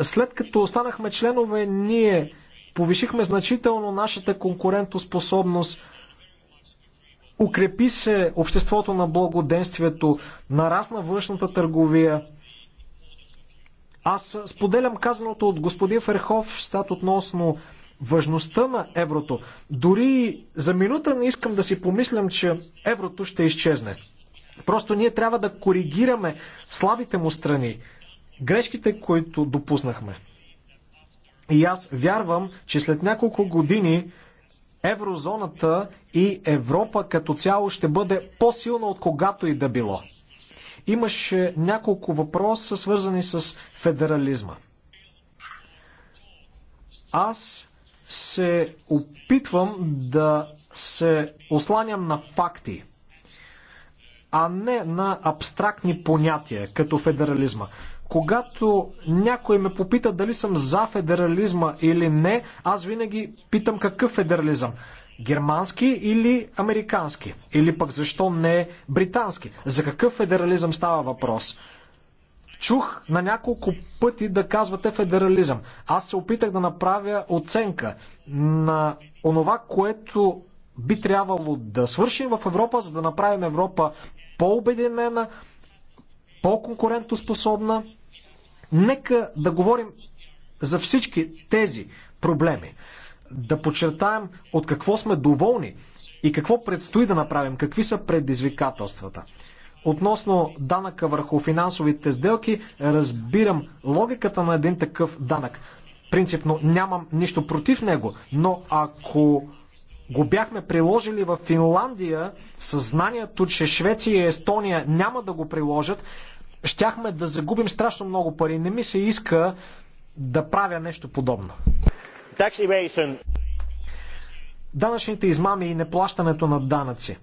След като останахме членове, ние повишихме значително нашата конкурентоспособност, укрепи се обществото на благоденствието, нарасна външната търговия. Аз споделям казаното от господин Ферхов стат относно важността на еврото. Дори за минута не искам да си помислям, че еврото ще изчезне. Просто ние трябва да коригираме слабите му страни, грешките, които допуснахме. И аз вярвам, че след няколко години еврозоната и Европа като цяло ще бъде по-силна от когато и да било. Имаше няколко въпроса, свързани с федерализма. Аз се опитвам да се осланям на факти, а не на абстрактни понятия, като федерализма. Когато някой ме попита дали съм за федерализма или не, аз винаги питам какъв федерализъм. Германски или американски? Или пък защо не британски? За какъв федерализъм става въпрос? Чух на няколко пъти да казвате федерализъм. Аз се опитах да направя оценка на онова, което би трябвало да свършим в Европа, за да направим Европа по-обединена, по-конкурентоспособна Нека да говорим за всички тези проблеми. Да подчертаем от какво сме доволни и какво предстои да направим, какви са предизвикателствата. Относно данъка върху финансовите сделки, разбирам логиката на един такъв данък. Принципно нямам нищо против него, но ако го бяхме приложили в Финландия, съзнанието, че Швеция и Естония няма да го приложат, щяхме да загубим страшно много пари. Не ми се иска да правя нещо подобно. Данъчните измами и неплащането на данъци.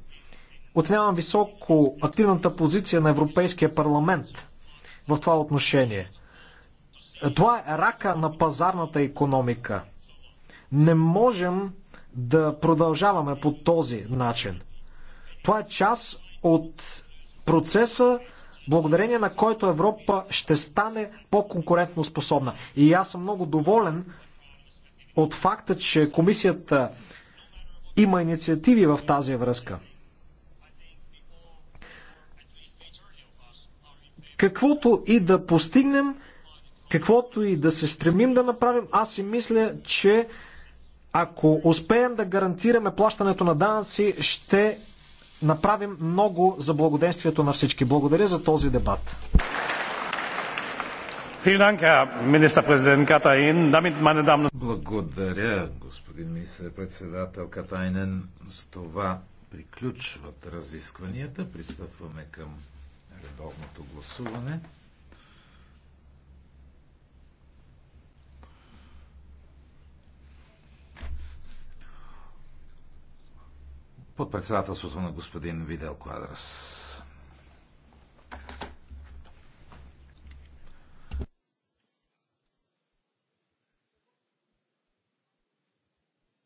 Оценявам високо активната позиция на Европейския парламент в това отношение. Това е рака на пазарната економика. Не можем да продължаваме по този начин. Това е част от процеса благодарение на който Европа ще стане по-конкурентно способна. И аз съм много доволен от факта, че комисията има инициативи в тази връзка. Каквото и да постигнем, каквото и да се стремим да направим, аз си мисля, че ако успеем да гарантираме плащането на данъци, ще направим много за благоденствието на всички. Благодаря за този дебат. Благодаря, господин министр-председател Катайнен. С това приключват разискванията. Пристъпваме към редовното гласуване. под председателството на господин Видел Квадрас.